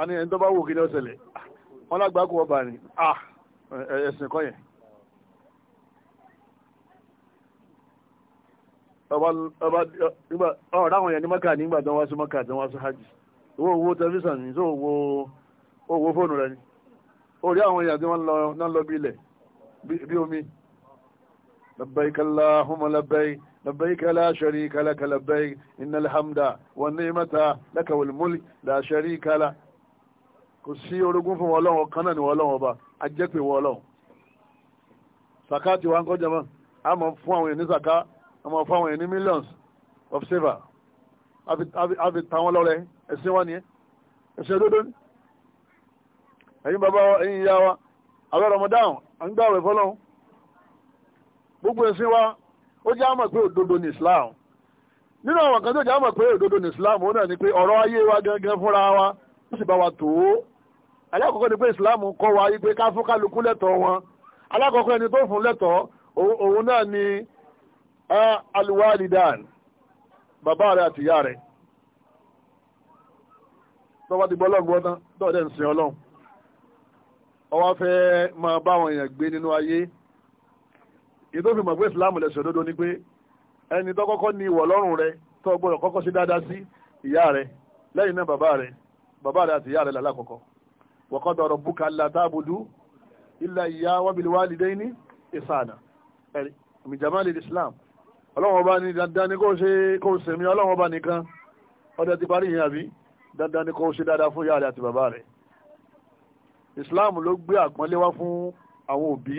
Speaker 1: a ní ẹni tó bá wò kí ní ọ̀sẹ̀lẹ̀ wọ́n lágbà kú ọba ní ẹ̀sìn kọ́ yẹn ọ̀ráwọn yẹn ní mọ́kà nígbà tó wá sí mọ́kà tó wá sí hajj owó owó tẹlifíṣàn ní tó owó fóònù rẹ ni orí àwọn èèyàn tí wọ́n lọ bí ilẹ̀ bí omi labbaik Allahumma labbaik لبيك لا شريك لك لبيك إن الحمد والنعمة لك والملك لا شريك لك kò sí orogún fún wọn lọ́wọ́ kan náà ni wọ́n lọ́wọ́ ọba ajẹ́pẹ̀ wọ́n lọ́wọ́ sàká ti wá ń kọjá mọ́ a mọ̀ fún àwọn èèyàn ní sàká a mọ̀ fún àwọn èèyàn ní millions of silver a fi ta wọn lọ́rẹ́ ẹ̀sìn wọn nìyẹn ẹ̀sìn òdodo ni ẹ̀yin bàbá wa ẹ̀yin ìyá wa àwọn Ramadan à ń gbàwẹ̀ fọlọ́run gbogbo ẹ̀sìn wa ó jẹ́ àmọ̀ pé òdodo ní islam nínú àwọn kan tó jẹ́ àmọ̀ pé òdodo ní islam ó náà ni pé ọ̀rọ̀ ayé wa gangan fúnra wa ó sì bá wa tó o alákọ̀ọ́kọ́ ni pé islam kọ́ wa wípé ká fún kálukú lẹ́tọ̀ọ́ wọn alákọ̀ọ́kọ́ ẹni tó fún lẹ́tọ̀ọ́ òun náà ni alwalidan bàbá rẹ̀ àti ìyá rẹ̀ tọ́wọ́ ti gbọ́ ọlọ́run gbọ́ tán tọ́wọ́ dẹ̀ ń sin ọlọ́run ètò ìfìmọ̀ pé ìsìláàmù lẹ̀sìn òdodo ni pé ẹni tó kọ́kọ́ ní ìwọ̀ lọ́rùn rẹ tó gbọ́dọ̀ kọ́kọ́ sí dáadáa sí ìyá rẹ lẹ́yìn náà bàbá rẹ bàbá rẹ àti ìyá rẹ làlákọ̀ọ́kọ́ wa qada rabbuka allā ta'budu illā iyyāhu wa bil wālidayni ihsānā ẹ̀rí mìjàmálì islam ọlọ́run ọba ní dandan ni kò ṣe kò ṣe mí ọlọ́run ọba nìkan ọdẹ ti parí yìí àbí dandan ni kò ṣe dáadáa fún ìyá rẹ àti bàbá rẹ islam ló gbé àpọ́nlé wá fún àwọn òbí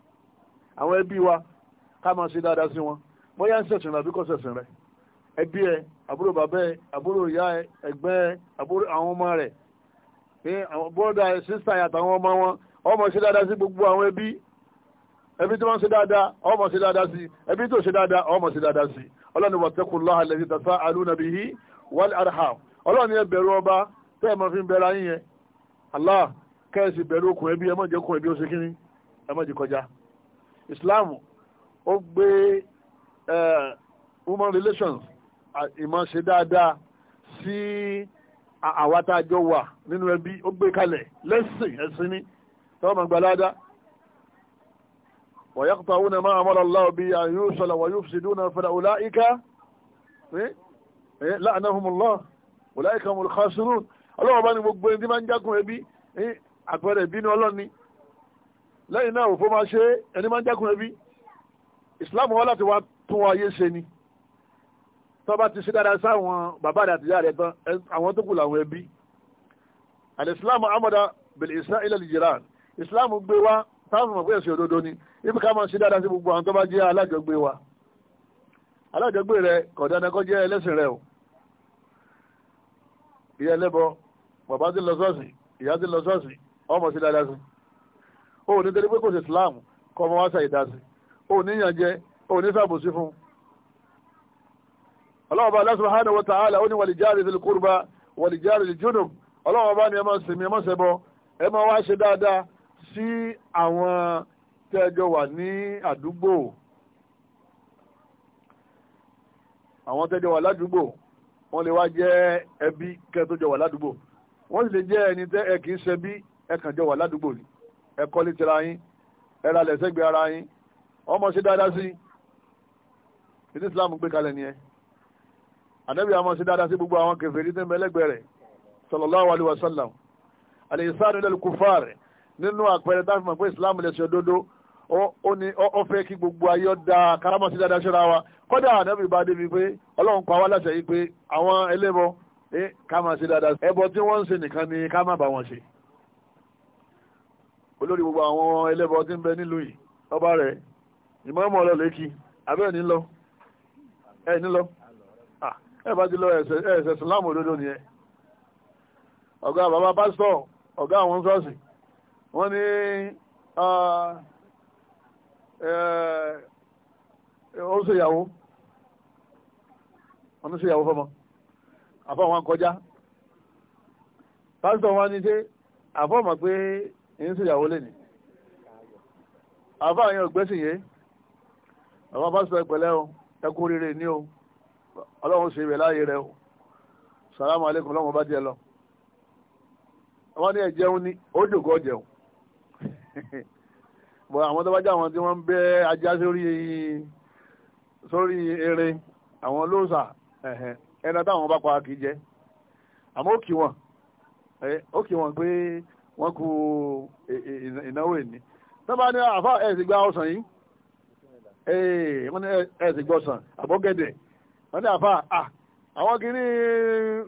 Speaker 1: àwọn ẹbí wa ká máa ṣe dáadáa sí wọn bóyá ń ṣẹ̀sìn àbí kò ṣẹ̀sìn rẹ ẹbí ẹ àbúrò bàbá ẹ àbúrò ìyá ẹ ẹgbẹ́ ẹ àbúrò àwọn ọmọ rẹ ní bọ́dà ẹ sísá ẹ àtàwọn ọmọ wọn ọmọ ṣe dáadáa sí gbogbo àwọn ẹbí ẹbí tí wọ́n ṣe dáadáa ọmọ ṣe dáadáa sí ẹbí tó ṣe dáadáa ọmọ ṣe dáadáa sí ọlọ́ni ọba tẹ́ ẹ fi bẹ̀rù islam ó gbé human relations ìmọ̀ ṣe dáadáa sí àwa tá a jọ wà nínú ẹbí ó gbé kalẹ̀ lẹ́sìn ẹ̀sìn ni tọ́wọ́ mọ̀ gbalada wa yaqta'una ma amara Allah bihi an yusala wa yufsiduna fa ulaika eh, eh, la'anahumullah ulaika humul khasirun ọlọ́wọ́ bá ní gbogbo ẹni tí máa ń jákun ẹbí eh, àpẹẹrẹ ìbínú ọlọ́ni lẹ́yìn náà òfó máa ṣe ẹni máa ń jẹ́kùn ẹbí ìsìláàmù wọn láti wá tún ayé ṣe ni tó bá ti ṣe dáadáa sáwọn bàbá rẹ̀ àtìyá rẹ̀ tán àwọn tó kù làwọn ẹbí àlẹ́sìláàmù amọ̀dá bẹ̀lẹ̀ ìsá ilẹ̀ lìjìrán ìsìláàmù gbé wa táwọn mọ̀ pé ẹ̀sìn òdodo ni ibi ká máa ṣe dáadáa sí gbogbo àwọn tó jẹ́ alájọgbé wa alájọgbé rẹ̀ kọ̀dáná kọ́ jẹ́ ẹlẹ́sìn rẹ̀ o ìyá ẹlẹ́bọ bàbá ti lọ sọ́ọ̀sì ìyá ti lọ sọ́ọ̀sì ọmọ sí dáadáa sí o ò ní dédé pé kò sí Islam kọ́ ọmọ wa ṣe ìdásí o ò ní yàn jẹ o ò ní sàbòsí fún un. ọlọ́wọ́ bá Allah subhanahu wa ta'ala ó ní wàlìjáre lil qurba wàlìjáre lil junub ọlọ́wọ́ bá ní ẹ máa sinmi ẹ máa ṣẹbọ ẹ máa wá ṣe dáadáa sí àwọn tẹ́jọ wà ní àdúgbò àwọn tẹ́jọ wà ládùúgbò wọ́n lè wá jẹ́ ẹbí kẹ́ tó jọ wà ládùúgbò wọ́n sì lè jẹ́ ẹni tẹ́ ẹ kì í ṣẹbí ẹ kàn jọ wà ládùúgbò ni ẹ kọ́lé tira yín ẹ ra lẹ́sẹ̀ gbé ara yín ọmọ ṣe dáadáa sí ìdí Islam gbé kalẹ̀ nìyẹn ànábì àmọ́ ṣe dáadáa sí gbogbo àwọn kèfèrí tó ń bẹ lẹ́gbẹ̀ẹ́ rẹ̀ sallallahu alaihi wasallam al-ihsanu lil kufar nínú àpẹẹrẹ táfi mọ̀ pé Islam lè ṣe òdodo ó ní ó fẹ́ kí gbogbo ayé ọ̀dà karamọ̀ sí dáadáa ṣọ́ra wa kódà ànábì bá débi pé ọlọ́run pa wá láṣẹ yìí pé àwọn ẹlẹ́bọ eh, ká máa ṣe dáadáa ẹbọ tí wọ́n ń ṣe nìkan ni ká má bá wọn ṣe olórí gbogbo àwọn ẹlẹ́bọ tí ń bẹ nílùú yìí ọba rẹ̀ ìmọ̀ọ́mọ̀ ọ̀lọ́ lẹ́kì abẹ́ ẹ̀ nílọ ẹ̀ nílọ ẹ̀ bá ti lọ ẹ̀sẹ̀ sùlámù òdodo nìyẹn ọ̀gá bàbá pásítọ̀ ọ̀gá àwọn ṣọ́ọ̀ṣì wọ́n ní ó ń ṣèyàwó wọ́n ń ṣèyàwó fọ́mọ àfọ̀ wọn kọjá pásítọ̀ wọn ní ṣe àfọ̀ mọ̀ pé ìyẹn sì yàwó lẹ́ni àbá àyàn ògbẹ́sìn yé àwọn bá sọ ìpẹ̀lẹ́ o ẹ kú rere ní o ọlọ́run ṣe ibẹ̀ láàyè rẹ o sàlámù alẹ́kùn lọ́wọ́ bá jẹ lọ wọ́n ní ẹ̀jẹun ní ó dògọ́ jẹun <laughs> bọ̀ àwọn tó bá jẹ́ àwọn tí wọ́n ń bẹ́ ajá sórí sórí eré àwọn lóòsà ẹ̀nà táwọn bá pa kì í jẹ àmọ́ ó kì wọ́n ó kì wọ́n pé wọ́n kú e, e, ìnáwó ìní tọ́ba ní àfa ẹ̀sìn gba ọ̀sán yìí wọ́n ní ẹ̀sìn gbọ́sàn àbọ̀gẹ́dẹ̀ wọ́n ní àfa àwọn kìíní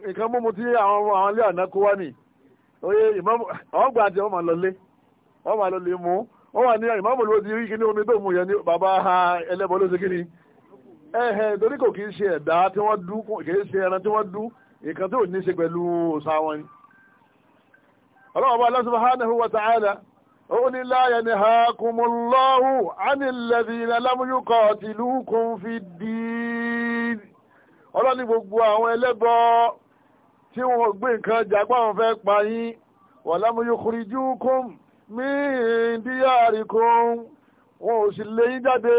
Speaker 1: nǹkan mímu tí àwọn àwọn ilé àná kó wá nì oye ìmọ̀mù àwọn gbà àti ọmọ lọlé ọmọ lọlé mú wọ́n wà ní ìmọ̀mù ló ti rí kíní omi tó mú yẹn ní bàbá ẹlẹ́bọ ló ṣe kíní ẹ̀hẹ̀ torí kò kìí ṣe ẹ̀dá tí wọ́n dú kìí ṣe ẹran tí wọ́n dú nǹkan tó ní ṣe pẹ̀lú ọ̀sà wọn ni ọlọ́wọ́ bá Allah subhanahu wa ta'ala ó ní la yanhakumullahu anil ladhina lam yuqatilukum fid-din ọlọ́ni gbogbo àwọn ẹlẹ́bọ tí wọ́n gbé nǹkan jàgbá wọn fẹ́ pa yín wa lam yukhrijukum min diyarikum wọn ò sì lé yín jáde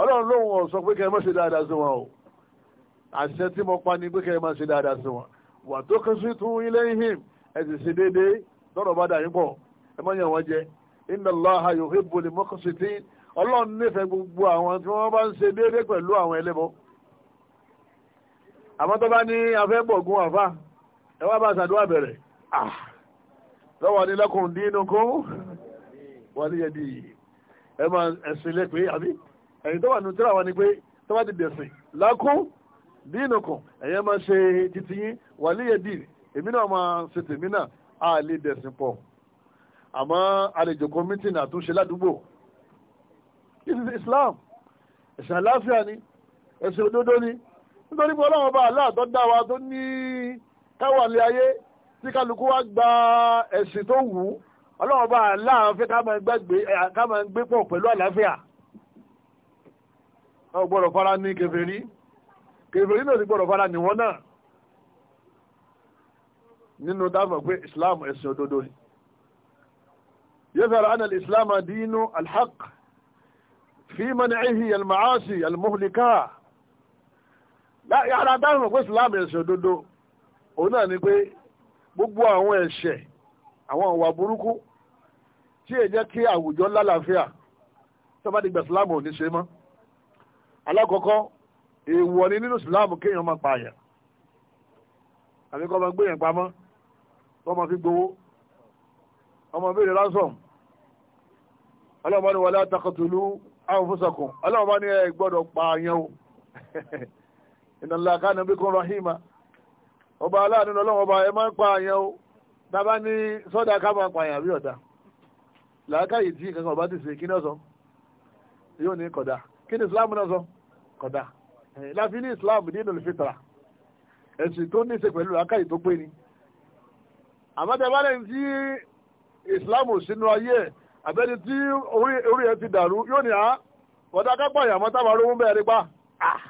Speaker 1: ọlọ́run lóhun ò sọ pé kẹ́ ẹ má ṣe dáadáa sí wọn o àṣẹ tí mo pa ni pé kẹ́ ẹ má ṣe dáadáa sí wọn wà tó kí sí tún ilé ihim ẹ sì ṣe déédéé lọ́rọ̀ bá dà yín pọ̀ ẹ má yàn wọ́n jẹ inna Allaha yuhibbul muqsitin ọlọ́run nífẹ̀ẹ́ gbogbo àwọn tí wọ́n bá ń ṣe déédéé pẹ̀lú àwọn ẹlẹ́bọ àmọ́ tó bá ní afẹ́ bọ̀gún àfá ẹ wá bá ṣàdúrà bẹ̀rẹ̀ ah! lọ́wọ́ ní lakum dinukum waliya din ẹ máa ẹ̀sìn ẹ̀yìn tó wà nù tíra wọn ni pé tó bá ti dẹ̀sìn lákún dínú kan ẹ̀yẹ́ máa ṣe titi yín wàlíyé dì èmi náà máa ṣe tèmi náà á lè dẹ̀sìn pọ̀ àmọ́ àlejò kan mítìnì àtúnṣe ládùúgbò this is Islam ẹ̀sìn àláfíà ni ẹ̀sìn òdodo ni nítorí pé ọlọ́run ọba aláàtọ́ dá wa tó ní káwàlé ayé tí kálukú wá gba ẹ̀sìn tó wù ọlọ́run ọba aláàfẹ́ ká máa gbé pọ̀ pẹ̀lú àlàáfíà ọ gbọ́dọ̀ fara ní kèfèrí kèfèrí náà ti gbọ́dọ̀ fara níwọ́n náà nínú dáàmà pé islam ẹ̀sìn òdodo ni yẹ́sàrà ánà islam dínú alhaq fi mani'ihi almaasi almuhlika yàrá dáàmà pé islam ẹ̀sìn òdodo òun náà ni pé gbogbo àwọn ẹ̀ṣẹ̀ àwọn ìwà burúkú tí èjẹ́ kí àwùjọ lálàáfíà tó bá di gbà islam ò ní ṣe mọ́ alákọ̀ọ́kọ́ èèwọ̀ ni nínú ìsìláàmù kéèyàn máa pààyàn àbí kọ́ máa gbé yẹn pamọ́ kọ́ máa fi gbowó ọmọ bèèrè lásán ọlọ́mọ ni wala taqtulu anfusakum ọlọ́mọ ni ẹ gbọ́dọ̀ pààyàn o <laughs> inna Allaha kana bikum rahima ọba aláàánú lọ́lọ́wọ́ ọba ẹ máa ń pààyàn o tàbá ní sọ́dà ká máa pààyàn àbí ọ̀dà làákàyè tí kankan ọba ti sè kí ni ọ̀sán yóò ní kọ̀dà kí ni Islam náà sọ kọ̀dá láfi ní islam nínú ìfitra ẹ̀sìn tó ní í pẹ̀lú àkàyè tó pé ni àmọ́tẹ́bálẹ̀ tí islam sínú ayé ẹ̀ àbẹ́ni tí orí ẹ̀ ti dàrú yóò ní à ah, ọ̀dà kápá ìyàmọ́ táwa rówó bẹ́ẹ̀ nípa ah,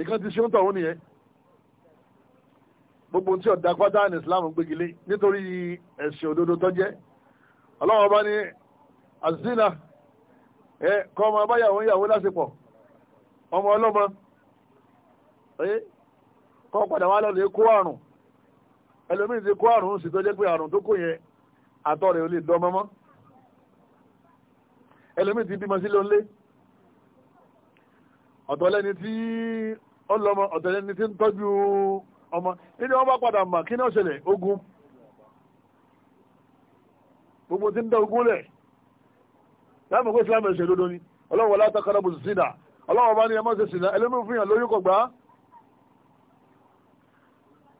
Speaker 1: ìkan ti ṣe ń tọ̀hún nìyẹn gbogbo tí ọ̀dà pátá ní islam gbégilé nítorí ẹ̀sìn òdodo tó jẹ́ ọlọ́wọ́ bá ní azina kọ́ ọmọ abáyàwó ìyàwó lásìpọ̀ ọmọ ọlọ́mọ kọ́ padà wá lọ́dọ̀ kó àrùn ẹlòmíì ti kó àrùn sì tó jẹ́ pé àrùn tó kó yẹn àtọ̀ rẹ̀ ò lè dán mọ́mọ́ ẹlòmíì ti bímọ sílé ńlé ọ̀tọ̀ lẹ́ni tí ọlọ́mọ ọ̀tọ̀ lẹ́ni tí ń tọ́jú ọmọ nínú ọba padà mà kí ní ọ̀ṣẹ̀lẹ̀ ogun gbogbo tí ń dá ogun lẹ̀ láàmú kó Islam ẹ̀ṣẹ̀ lódò ni ọlọ́wọ́ látàkàrà bùsùn sí ọlọ́wọ́ bá ní ẹ má ṣe sìnà ẹlẹ́mú fún yàn lóyún kò gbà á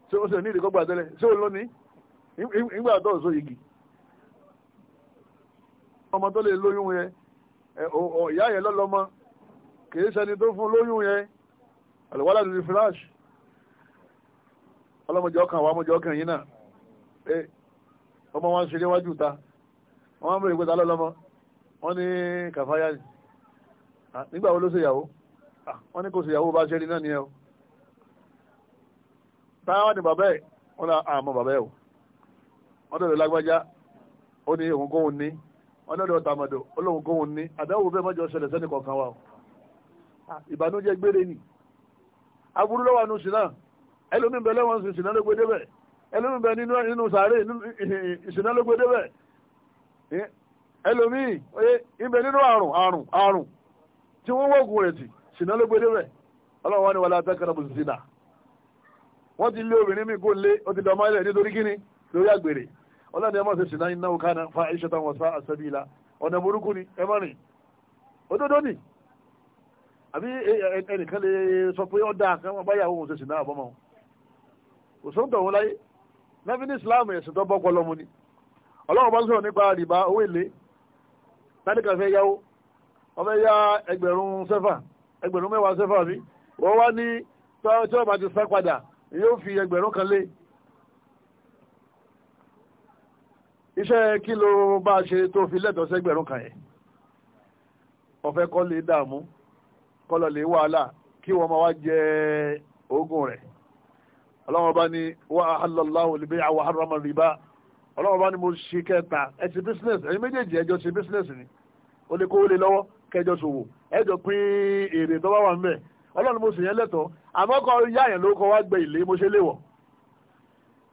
Speaker 1: ṣé ó ṣe ní ìdíkọ́ gbà tẹ́lẹ̀ ṣé ó lónìí ìgbà tó ṣo igi ọmọ tó lè lóyún yẹn ìyá yẹn lọ́lọ́mọ kì í ṣẹni tó fún lóyún yẹn àlùwálà lórí flash ọlọ́mọdé ọkàn wa ọmọdé ọkàn yìí náà ọmọ wọn ṣe níwájú ta wọn bèrè pé lọ́lọ́mọ wọn ní kàfáyà ni. Ah, nígbà wo ló ṣèyàwó ah, wọ́n ní kò ṣèyàwó bá ṣe rí náà ni ẹ o táwa ni bàbá ẹ̀ wọ́n lọ ah, àmọ́ bàbá ẹ̀ o wọ́n dọ̀dọ̀ lágbájá ó ní òun kóhun ní wọ́n dọ̀dọ̀ tàmọ̀dò ó lóun kóhun ní àdáwò bẹ́ẹ̀ mọ́jọ ṣẹlẹ̀ sẹ́ni kọ̀ọ̀kan wa o ìbànújẹ́ gbére ni aburú lọ́wọ́ nu sí náà ẹlòmíín bẹ lẹ́wọ̀n sí ìsìnà ló gbé débẹ̀ ẹlòmíín bẹ nínú sàárè ìsìnà ló débẹ̀ eh, ẹlòmíín ń nínú àrùn àrùn àrùn tí wọ́n wọ́gùn rẹ̀ sí ṣìnà ló gbélé rẹ̀ ọlọ́run wá ní wàlá àtàkàrà zina wọ́n ti lé obìnrin mi kó lé ó ti dọ̀mọ́ ilẹ̀ nítorí kíni lórí àgbèrè ọlọ́run ẹ má ṣe ṣìnà iná òkàna fa iṣẹ́ táwọn sá àṣẹbíla ọ̀nà burúkú ni ẹ má rìn òdodo ni àbí ẹnìkan lè sọ pé ó dáa kan báyàwó òun ṣe ṣìnà àbọ̀mọ́ kò sóńtọ̀ wọn láyé náfi ní islam ẹ̀sìn tó bọ́kọ lọ́mú ni ọlọ́run bá ń sọ̀rọ̀ nípa rìbá owó èlé tálíkà fẹ́ yáwó ọfẹ́ ya ẹgbẹ̀rún sẹ́fà ẹgbẹ̀rún mẹ́wàá sẹ́fà bí wọ́n wá ní tí ọba ti sá padà yóò fi ẹgbẹ̀rún kan lé iṣẹ́ kí ló bá ṣe tó fi lẹ́tọ̀ọ́ sẹ́gbẹ̀rún kan yẹn ọ̀fẹ́ kọ́ lè dààmú kọ́ lọ lè wàhálà kí wọ́n máa wá jẹ oògùn rẹ̀ ọlọ́wọ́n bá ní wà á lọ́láhùn lè bí àwọn haram rìbá ọlọ́wọ́n bá ní mo ṣe kẹta ẹ ṣe bísínẹ́sì ẹ̀yin méjèèjì ẹjọ́ ṣe bísínẹ́sì ni ó lè kówó lé lọ́wọ́ kẹjọ ṣòwò ẹjọ pín èrè tó bá wà ń ọlọ́run mo sì yẹn lẹ́tọ̀ọ́ àmọ́ kọ yá yẹn ló kọ wá gbẹ ilé mo ṣe léwọ̀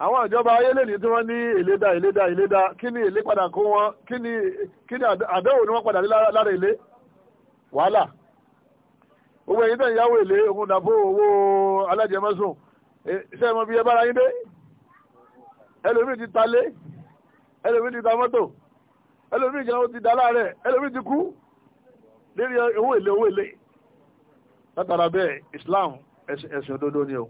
Speaker 1: àwọn ìjọba ayélujára tí wọ́n ní èlé da èlé da èlé da kí ni èlé padà kó wọn kí ni kí ni àdánwò ni wọ́n padà lé lára èlé wàhálà owó ẹ̀yin tẹ̀ ń yáwó èlé òun dàbò owó alájẹmọ́sùn ṣé ẹ mọ bí ẹ bára yín dé ẹlòmíì ti ta ẹlòmíì ti ta mọ́tò ẹlòmíì ti da láàárẹ̀ ẹlòmíì ti kú lérí owó èlé owó èlé látara bẹ́ẹ̀ Islam ẹ̀sìn òdodo ni o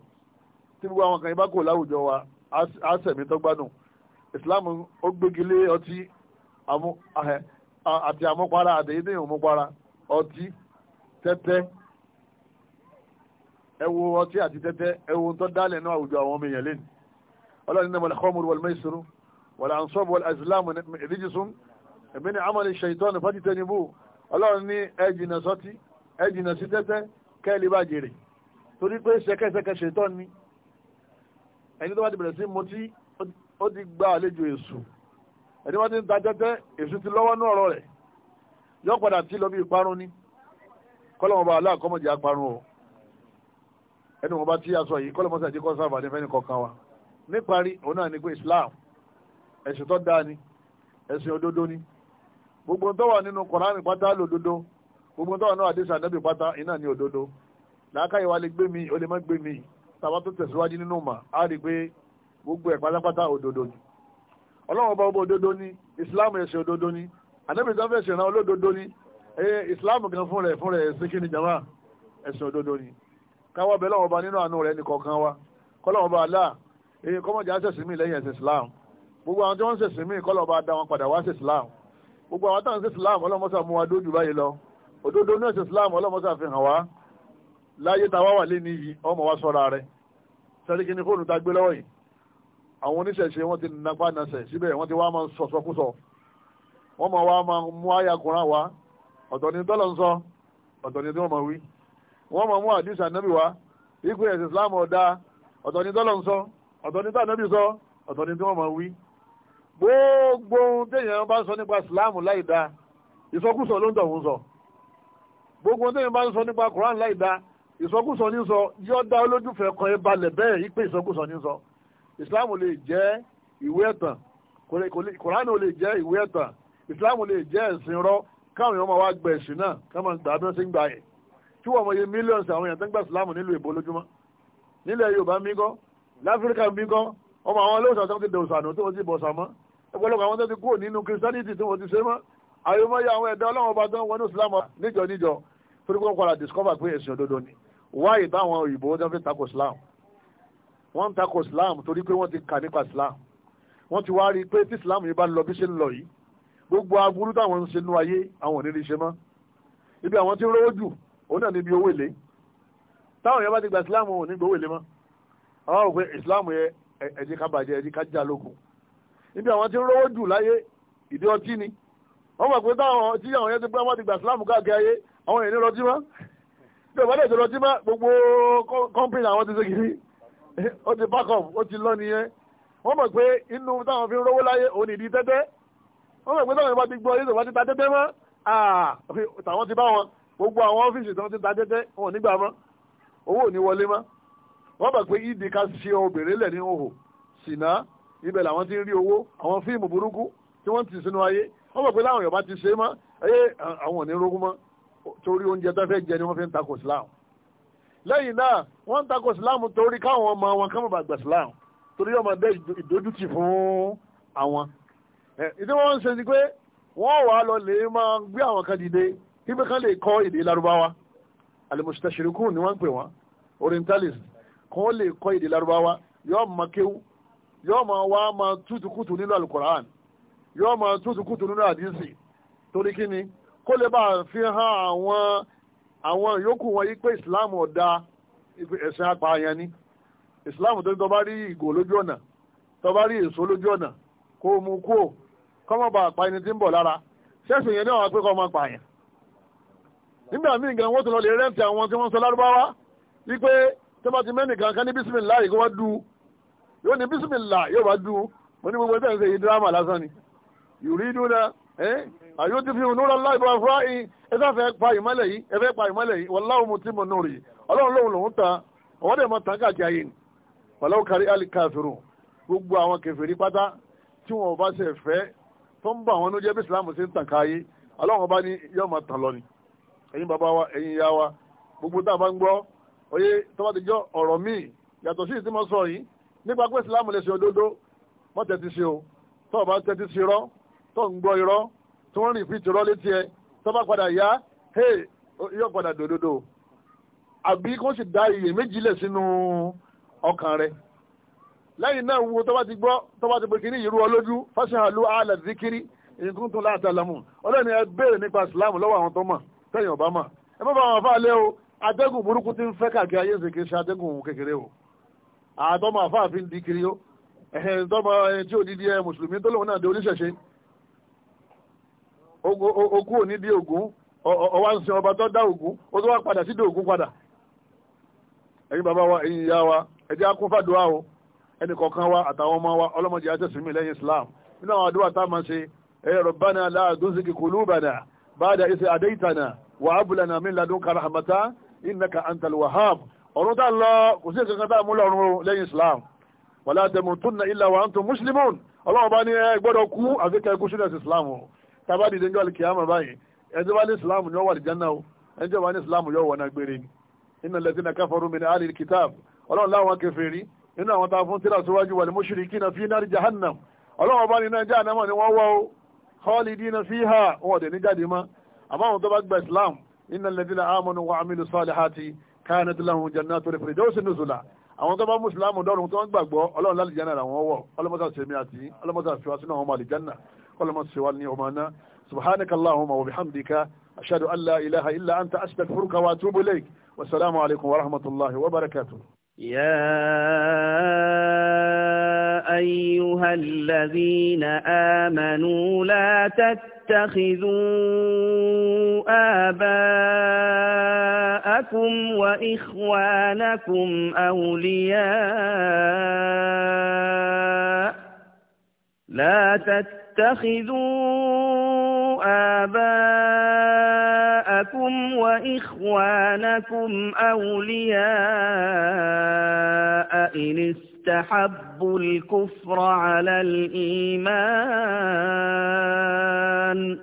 Speaker 1: tí gbogbo àwọn kan yìí bá kò láwùjọ wa á sẹ̀mí tọ́gbádùn Islam ó gbégi lé ọtí àti àmupara àtẹ̀yí tí ọtí tẹ́tẹ́ ẹ ọtí àti tẹ́tẹ́ ẹ tó dálẹ̀ náà àwùjọ àwọn ọmọ èèyàn lẹ́nu ọlọ́run ní mọ̀lẹ́kọ́ wọlé mẹ́sìrú wọlé ansọ́bù wọlé azìlámù ríjìsún èmi ní amọ̀lẹ́ ṣèyítọ́ ní fàtítẹ́ níbù ọlọ́run ní ẹ jìnnà sọ́tí ẹ jìnnà sí tẹ́tẹ́ kẹ́lì bá jèrè torí pé ṣẹkẹ́ṣẹkẹ́ ṣetán ni ẹni tó bá ti bẹ̀rẹ̀ sí mo tí ó ti gba àlejò èṣù ẹni wọ́n ti ń ta tẹ́tẹ́ èṣù ti lọ́wọ́ ní ọ̀rọ̀ rẹ̀ yọ padà tí lọ bí ìparun ni kọ́lọ́mọba aláàkọ́mọ̀jì àparun o ẹni wọn bá tí a yìí kọ́lọ́mọsà ti kọ́ sáfà ní fẹ́ni kọ̀ọ̀kan wa níparí òun náà ni pé Islam ẹ̀sìn tó dáa ni ẹ̀sìn òdodo ni gbogbo tó wà nínú kọ̀ránì pátá lòdodo gbogbo tó wà nínú àdéṣà nẹ́bì pátá iná ní òdodo làákàyè wa lè gbé mi ó má gbé mi tàbá tó tẹ̀síwájú nínú mà á rí i pé gbogbo ẹ̀ pátápátá òdodo ni ọlọ́run ọba ọba òdodo ni islam ẹ̀sìn òdodo ni ànábì tó fẹ́ ṣèrànwọ́ olódodo ni ee islam gan fún rẹ̀ fún rẹ̀ ẹ̀sìn kí ni jama ẹ̀sìn òdodo ni káwọ́ bẹ́ẹ̀ lọ́wọ́ ọba nínú àánú rẹ̀ nìkọ̀ọ̀kan mi lẹ́yìn ẹ̀sìn islam gbogbo àwọn tí wọ́n ń ṣẹ̀sìn mi islam gbogbo àwọn táwọn ṣe islam ọlọ́mọ́sá mú wa dójú báyìí lọ òdodo náà ṣe islam ọlọ́mọ́sá fi hàn wá láyé táwa wà lé níyì ọmọ wa sọ́ra rẹ̀ sẹ́rí kí ni fóònù tá gbé lọ́wọ́ yìí àwọn oníṣẹ̀ṣe wọ́n ti napá nasẹ̀ síbẹ̀ wọ́n ti wá máa ń sọ̀sọ́kúsọ wọ́n máa wá máa mú àyà Kùrán wá ni tọ́lọ̀ ń sọ ọ̀tọ̀ ni tí wọ́n máa wí wọ́n máa mú àdìsí ànábì wá ikú ẹ̀sìn islam ọ̀dà ọ̀tọ̀ ni tọ́lọ̀ ń sọ ọ̀tọ̀ ni tí ànábì sọ ọ̀tọ̀ ni tí wọ́n máa wí gbogbo ohun téèyàn bá ń sọ nípa ìsìláàmù láì dá ìsọkúsọ ló ń tọ̀hún sọ gbogbo ohun téèyàn bá ń sọ nípa koran láì dá ìsọkúsọ ní sọ yóò dá olójúfẹ́ kan ẹ balẹ̀ bẹ́ẹ̀ yí pé ìsọkúsọ ní sọ ìsìláàmù lè jẹ́ ìwé ẹ̀tàn koran ò lè jẹ́ ìwé ẹ̀tàn ìsìláàmù lè jẹ́ ẹ̀sìn rọ káwọn èèyàn máa wá gbẹ ẹ̀sìn náà ká máa gbà bí wọ́n ṣe ń gbà yẹn tí wọ́n mọye mílíọ̀nù àwọn èèyàn tó ń gbà ìsìláàmù nílùú èbó lójúmọ́ nílẹ̀ Yorùbá mi kọ́ láfíríkà mi kọ́ ọmọ àwọn olóòṣà tó ń ti dòṣà nù tó ń ti bọ̀ṣà ọ̀pọ̀lọpọ̀ àwọn tó ti kúrò nínú Christianity tí wọ́n ti ṣe mọ́ àyọmọ́yà àwọn ẹ̀dá ọlọ́run ọba tó ń wọnú Islam níjọ níjọ torí wọ́n padà discover pé ẹ̀sìn òdodo ni wáyé táwọn òyìnbó tó fi tako Islam wọ́n ń tako Islam torí pé wọ́n ti kà nípa Islam wọ́n ti wá rí i pé tí Islam yìí bá lọ bí ṣe ń lọ yìí gbogbo aburú táwọn ń ṣe nú ayé àwọn ò rí ṣe mọ́ ibi àwọn tí ń rówó jù òun náà níbi owó èlé táwọn yẹn bá ti gba Islam òun ní gbowó èlé mọ́ àwọn òpin Islam yẹ ẹ̀jẹ̀ ká bàjẹ́ ẹ̀jẹ̀ ká já lókun níbi àwọn tí ń rówó jù láyé ìdí ọtí ni wọ́n mọ̀ pé táwọn tí àwọn yẹn ti pẹ́ wọ́n ti gbà sílámù káàkiri ayé àwọn èèyàn ní rọtí mọ́ bí ìwádìí ètò rọtí mọ́ gbogbo kọ́ńpìnì àwọn ti ṣe ó ti back up ó ti lọ nìyẹn wọ́n mọ̀ pé inú táwọn fi ń rówó láyé òun ìdí tẹ́tẹ́ wọ́n mọ̀ pé táwọn ìbá ti gbọ́ yíṣẹ́ wá ti ta tẹ́tẹ́ mọ́ tàwọn ti bá wọn gbogbo àwọn ọ́fíìsì tí wọ́n ti ta tẹ́tẹ́ wọn nígbà mọ́ owó ò ní wọlé mọ́ wọ́n mọ̀ pé ìdí ká ṣe obìnrin lẹ̀ ní òhò sìnà ibẹ̀ làwọn ti ń rí owó àwọn fíìmù burúkú tí wọ́n ti sinú ayé wọ́n mọ̀ pé láwọn Yorùbá ti ṣe é mọ́ ayé àwọn ò rogún mọ́ torí oúnjẹ tó fẹ́ jẹ ni wọ́n fi ń takò Islam lẹ́yìn náà wọ́n ń takò Islam torí káwọn ọmọ wọn kán bàbà gbà Islam torí ọmọ bẹ́ẹ̀ ìdójútì fún àwọn ìdí wọn ń ṣe ni pé wọ́n wà lọ lè máa gbé àwọn kan dìde ibi kan lè kọ́ èdè Lárúbáwá alimusitashirikun ni wọ́n ń pè wọ́n orientalist kan lè kọ́ èdè Lárúbáwá yọ yóò máa wá máa tútùkùtù nínú alukoran yóò máa tútùkùtù nínú àdínsì torí kí ni kó lè bá fi hàn àwọn àwọn yòókù wọn yí pé islam ọ̀dà ẹ̀sìn apààyàn ni islam tó ń tọ́ bá rí ìgò lójú ọ̀nà tọ́ bá rí èso lójú ọ̀nà kó o mú kú o kọ́mọ̀ bá àpá ẹni tí ń bọ̀ lára ṣẹ́sìn yẹn ní àwọn akẹ́kọ̀ọ́ máa pààyàn nígbà míì gan wọ́n tún lọ lè rẹ́ǹtì àwọn tí wọ́n sọ lárúbáwá wípé tó bá ti mẹ́nìkan kan ní bísímìlláhì yóò ní bísímìlà yóò bá dùn mo ní gbogbo ẹgbẹ́ ìṣe yìí dírámà lásán ni yuriduna àyò ti fi hùn núra láì bá fúra yìí ẹ sáfẹ́ pa ìmọ́lẹ̀ yìí ẹ fẹ́ pa ìmọ́lẹ̀ yìí wallahu mutimmu nuri ọlọ́run lòun lòun ta ọwọ́ dẹ̀ mọ́ tàn káàkiri ayé ni walau kari alikafiru gbogbo àwọn kèfèrí pátá tí wọn bá ṣe fẹ́ tó ń bá àwọn ọ̀nà jẹ́ bí islam ṣe ń tàn káyé ọlọ́run bá ní yóò máa tàn lọ ni ẹ̀yin bàbá wa ẹ̀yin ìyá wa gbogbo tá a bá ń gbọ́ oyè tó nípa pé ìsìláàmù lè ṣe òdodo mọ́ tẹ́tí sí o tó o bá tẹ́tí sí irọ́ tó ń gbọ́ irọ́ tí wọ́n rìn fi tìrọ́ létí ẹ tó bá padà yá hey yóò padà dòdodo àbí kó sì dá iyè méjì lẹ̀ sínú ọkàn rẹ̀ lẹ́yìn náà wo tó bá ti gbọ́ tó bá ti pè kíní ìrú ọlójú fásihalu ala zikiri nǹkan tó láta lamu ọlọ́ni ẹ béèrè nípa ìsìláàmù lọ́wọ́ àwọn tó mọ̀ tẹ̀yìn ọ̀bá mọ̀ ẹ má bá wọn fà lé o atẹ́gùn burúkú ti ń fẹ́ káàkiri ayé ìsèké ṣe atẹ́gùn kékeré o àtọ́mọ àfáàfin di kiri ó tọ́mọ tí ò dídí ẹ mùsùlùmí tó lóun náà di oníṣẹ̀ṣe okú ò ní di Ògún ọwá ń sin ọba tó dá Ògún ó tó wá padà sí di Ògún padà ẹ̀yin bàbá wa ẹ̀yin ìyá wa ẹ̀jẹ̀ akúnfàdùá o ẹnì kọ̀ọ̀kan wa àtàwọn ọmọ wa ọlọ́mọdé àtẹ̀sìn mi lẹ́yìn Islam nínú àwọn àdúrà tá a máa ṣe ẹ̀yẹ rọ̀bánà láàdúnsìkì kùlúbànà bá a dà ìṣe àdéhìtànà wàhábùlànà min ladunka rahmata innaka antal ọ̀run tá lọ kò sí nǹkan tá a mú lọ́run o lẹ́yìn islam wàlá tamutunna illa wa antum muslimun ọlọ́run bá ní ẹ gbọ́dọ̀ kú àfi kẹ́ kú sílẹ̀ sí islam o tábà dìde níjọ́ kìámà báyìí ẹjọ́ bá ní islam yóò wà lìjánná o ẹjọ́ bá ní islam yóò wọ̀ náà gbére ni innal ladhina kafaru min ahli kitab ọlọ́run láwọn kèfèrí nínú àwọn tá a fún tíra síwájú wal ní iná káyọ̀nà tó láwọn jẹ̀nà tó lè fèrè dọ́wọ́sì nùzùlà àwọn tó bá mùsùlùmù dọ́rùn tó ń gbàgbọ́ ọlọ́run láti jẹ́nà àwọn wọ̀ ọlọ́mọta sèmi àti ọlọ́mọta sèwá sínú àwọn ọmọ àlìjánà ọlọ́mọta sèwá ní ọmọ náà subhanaka allahumma wa bihamdika ashhadu an la ilaha illa anta astaghfiruka wa atubu ilayk wa assalamu alaykum wa rahmatullahi wa barakatuh ya أيها الذين آمنوا لا تتخذوا آباءكم وإخوانكم أولياء لا تتخذوا آباءكم وإخوانكم أولياء إن استحبوا الكفر على الإيمان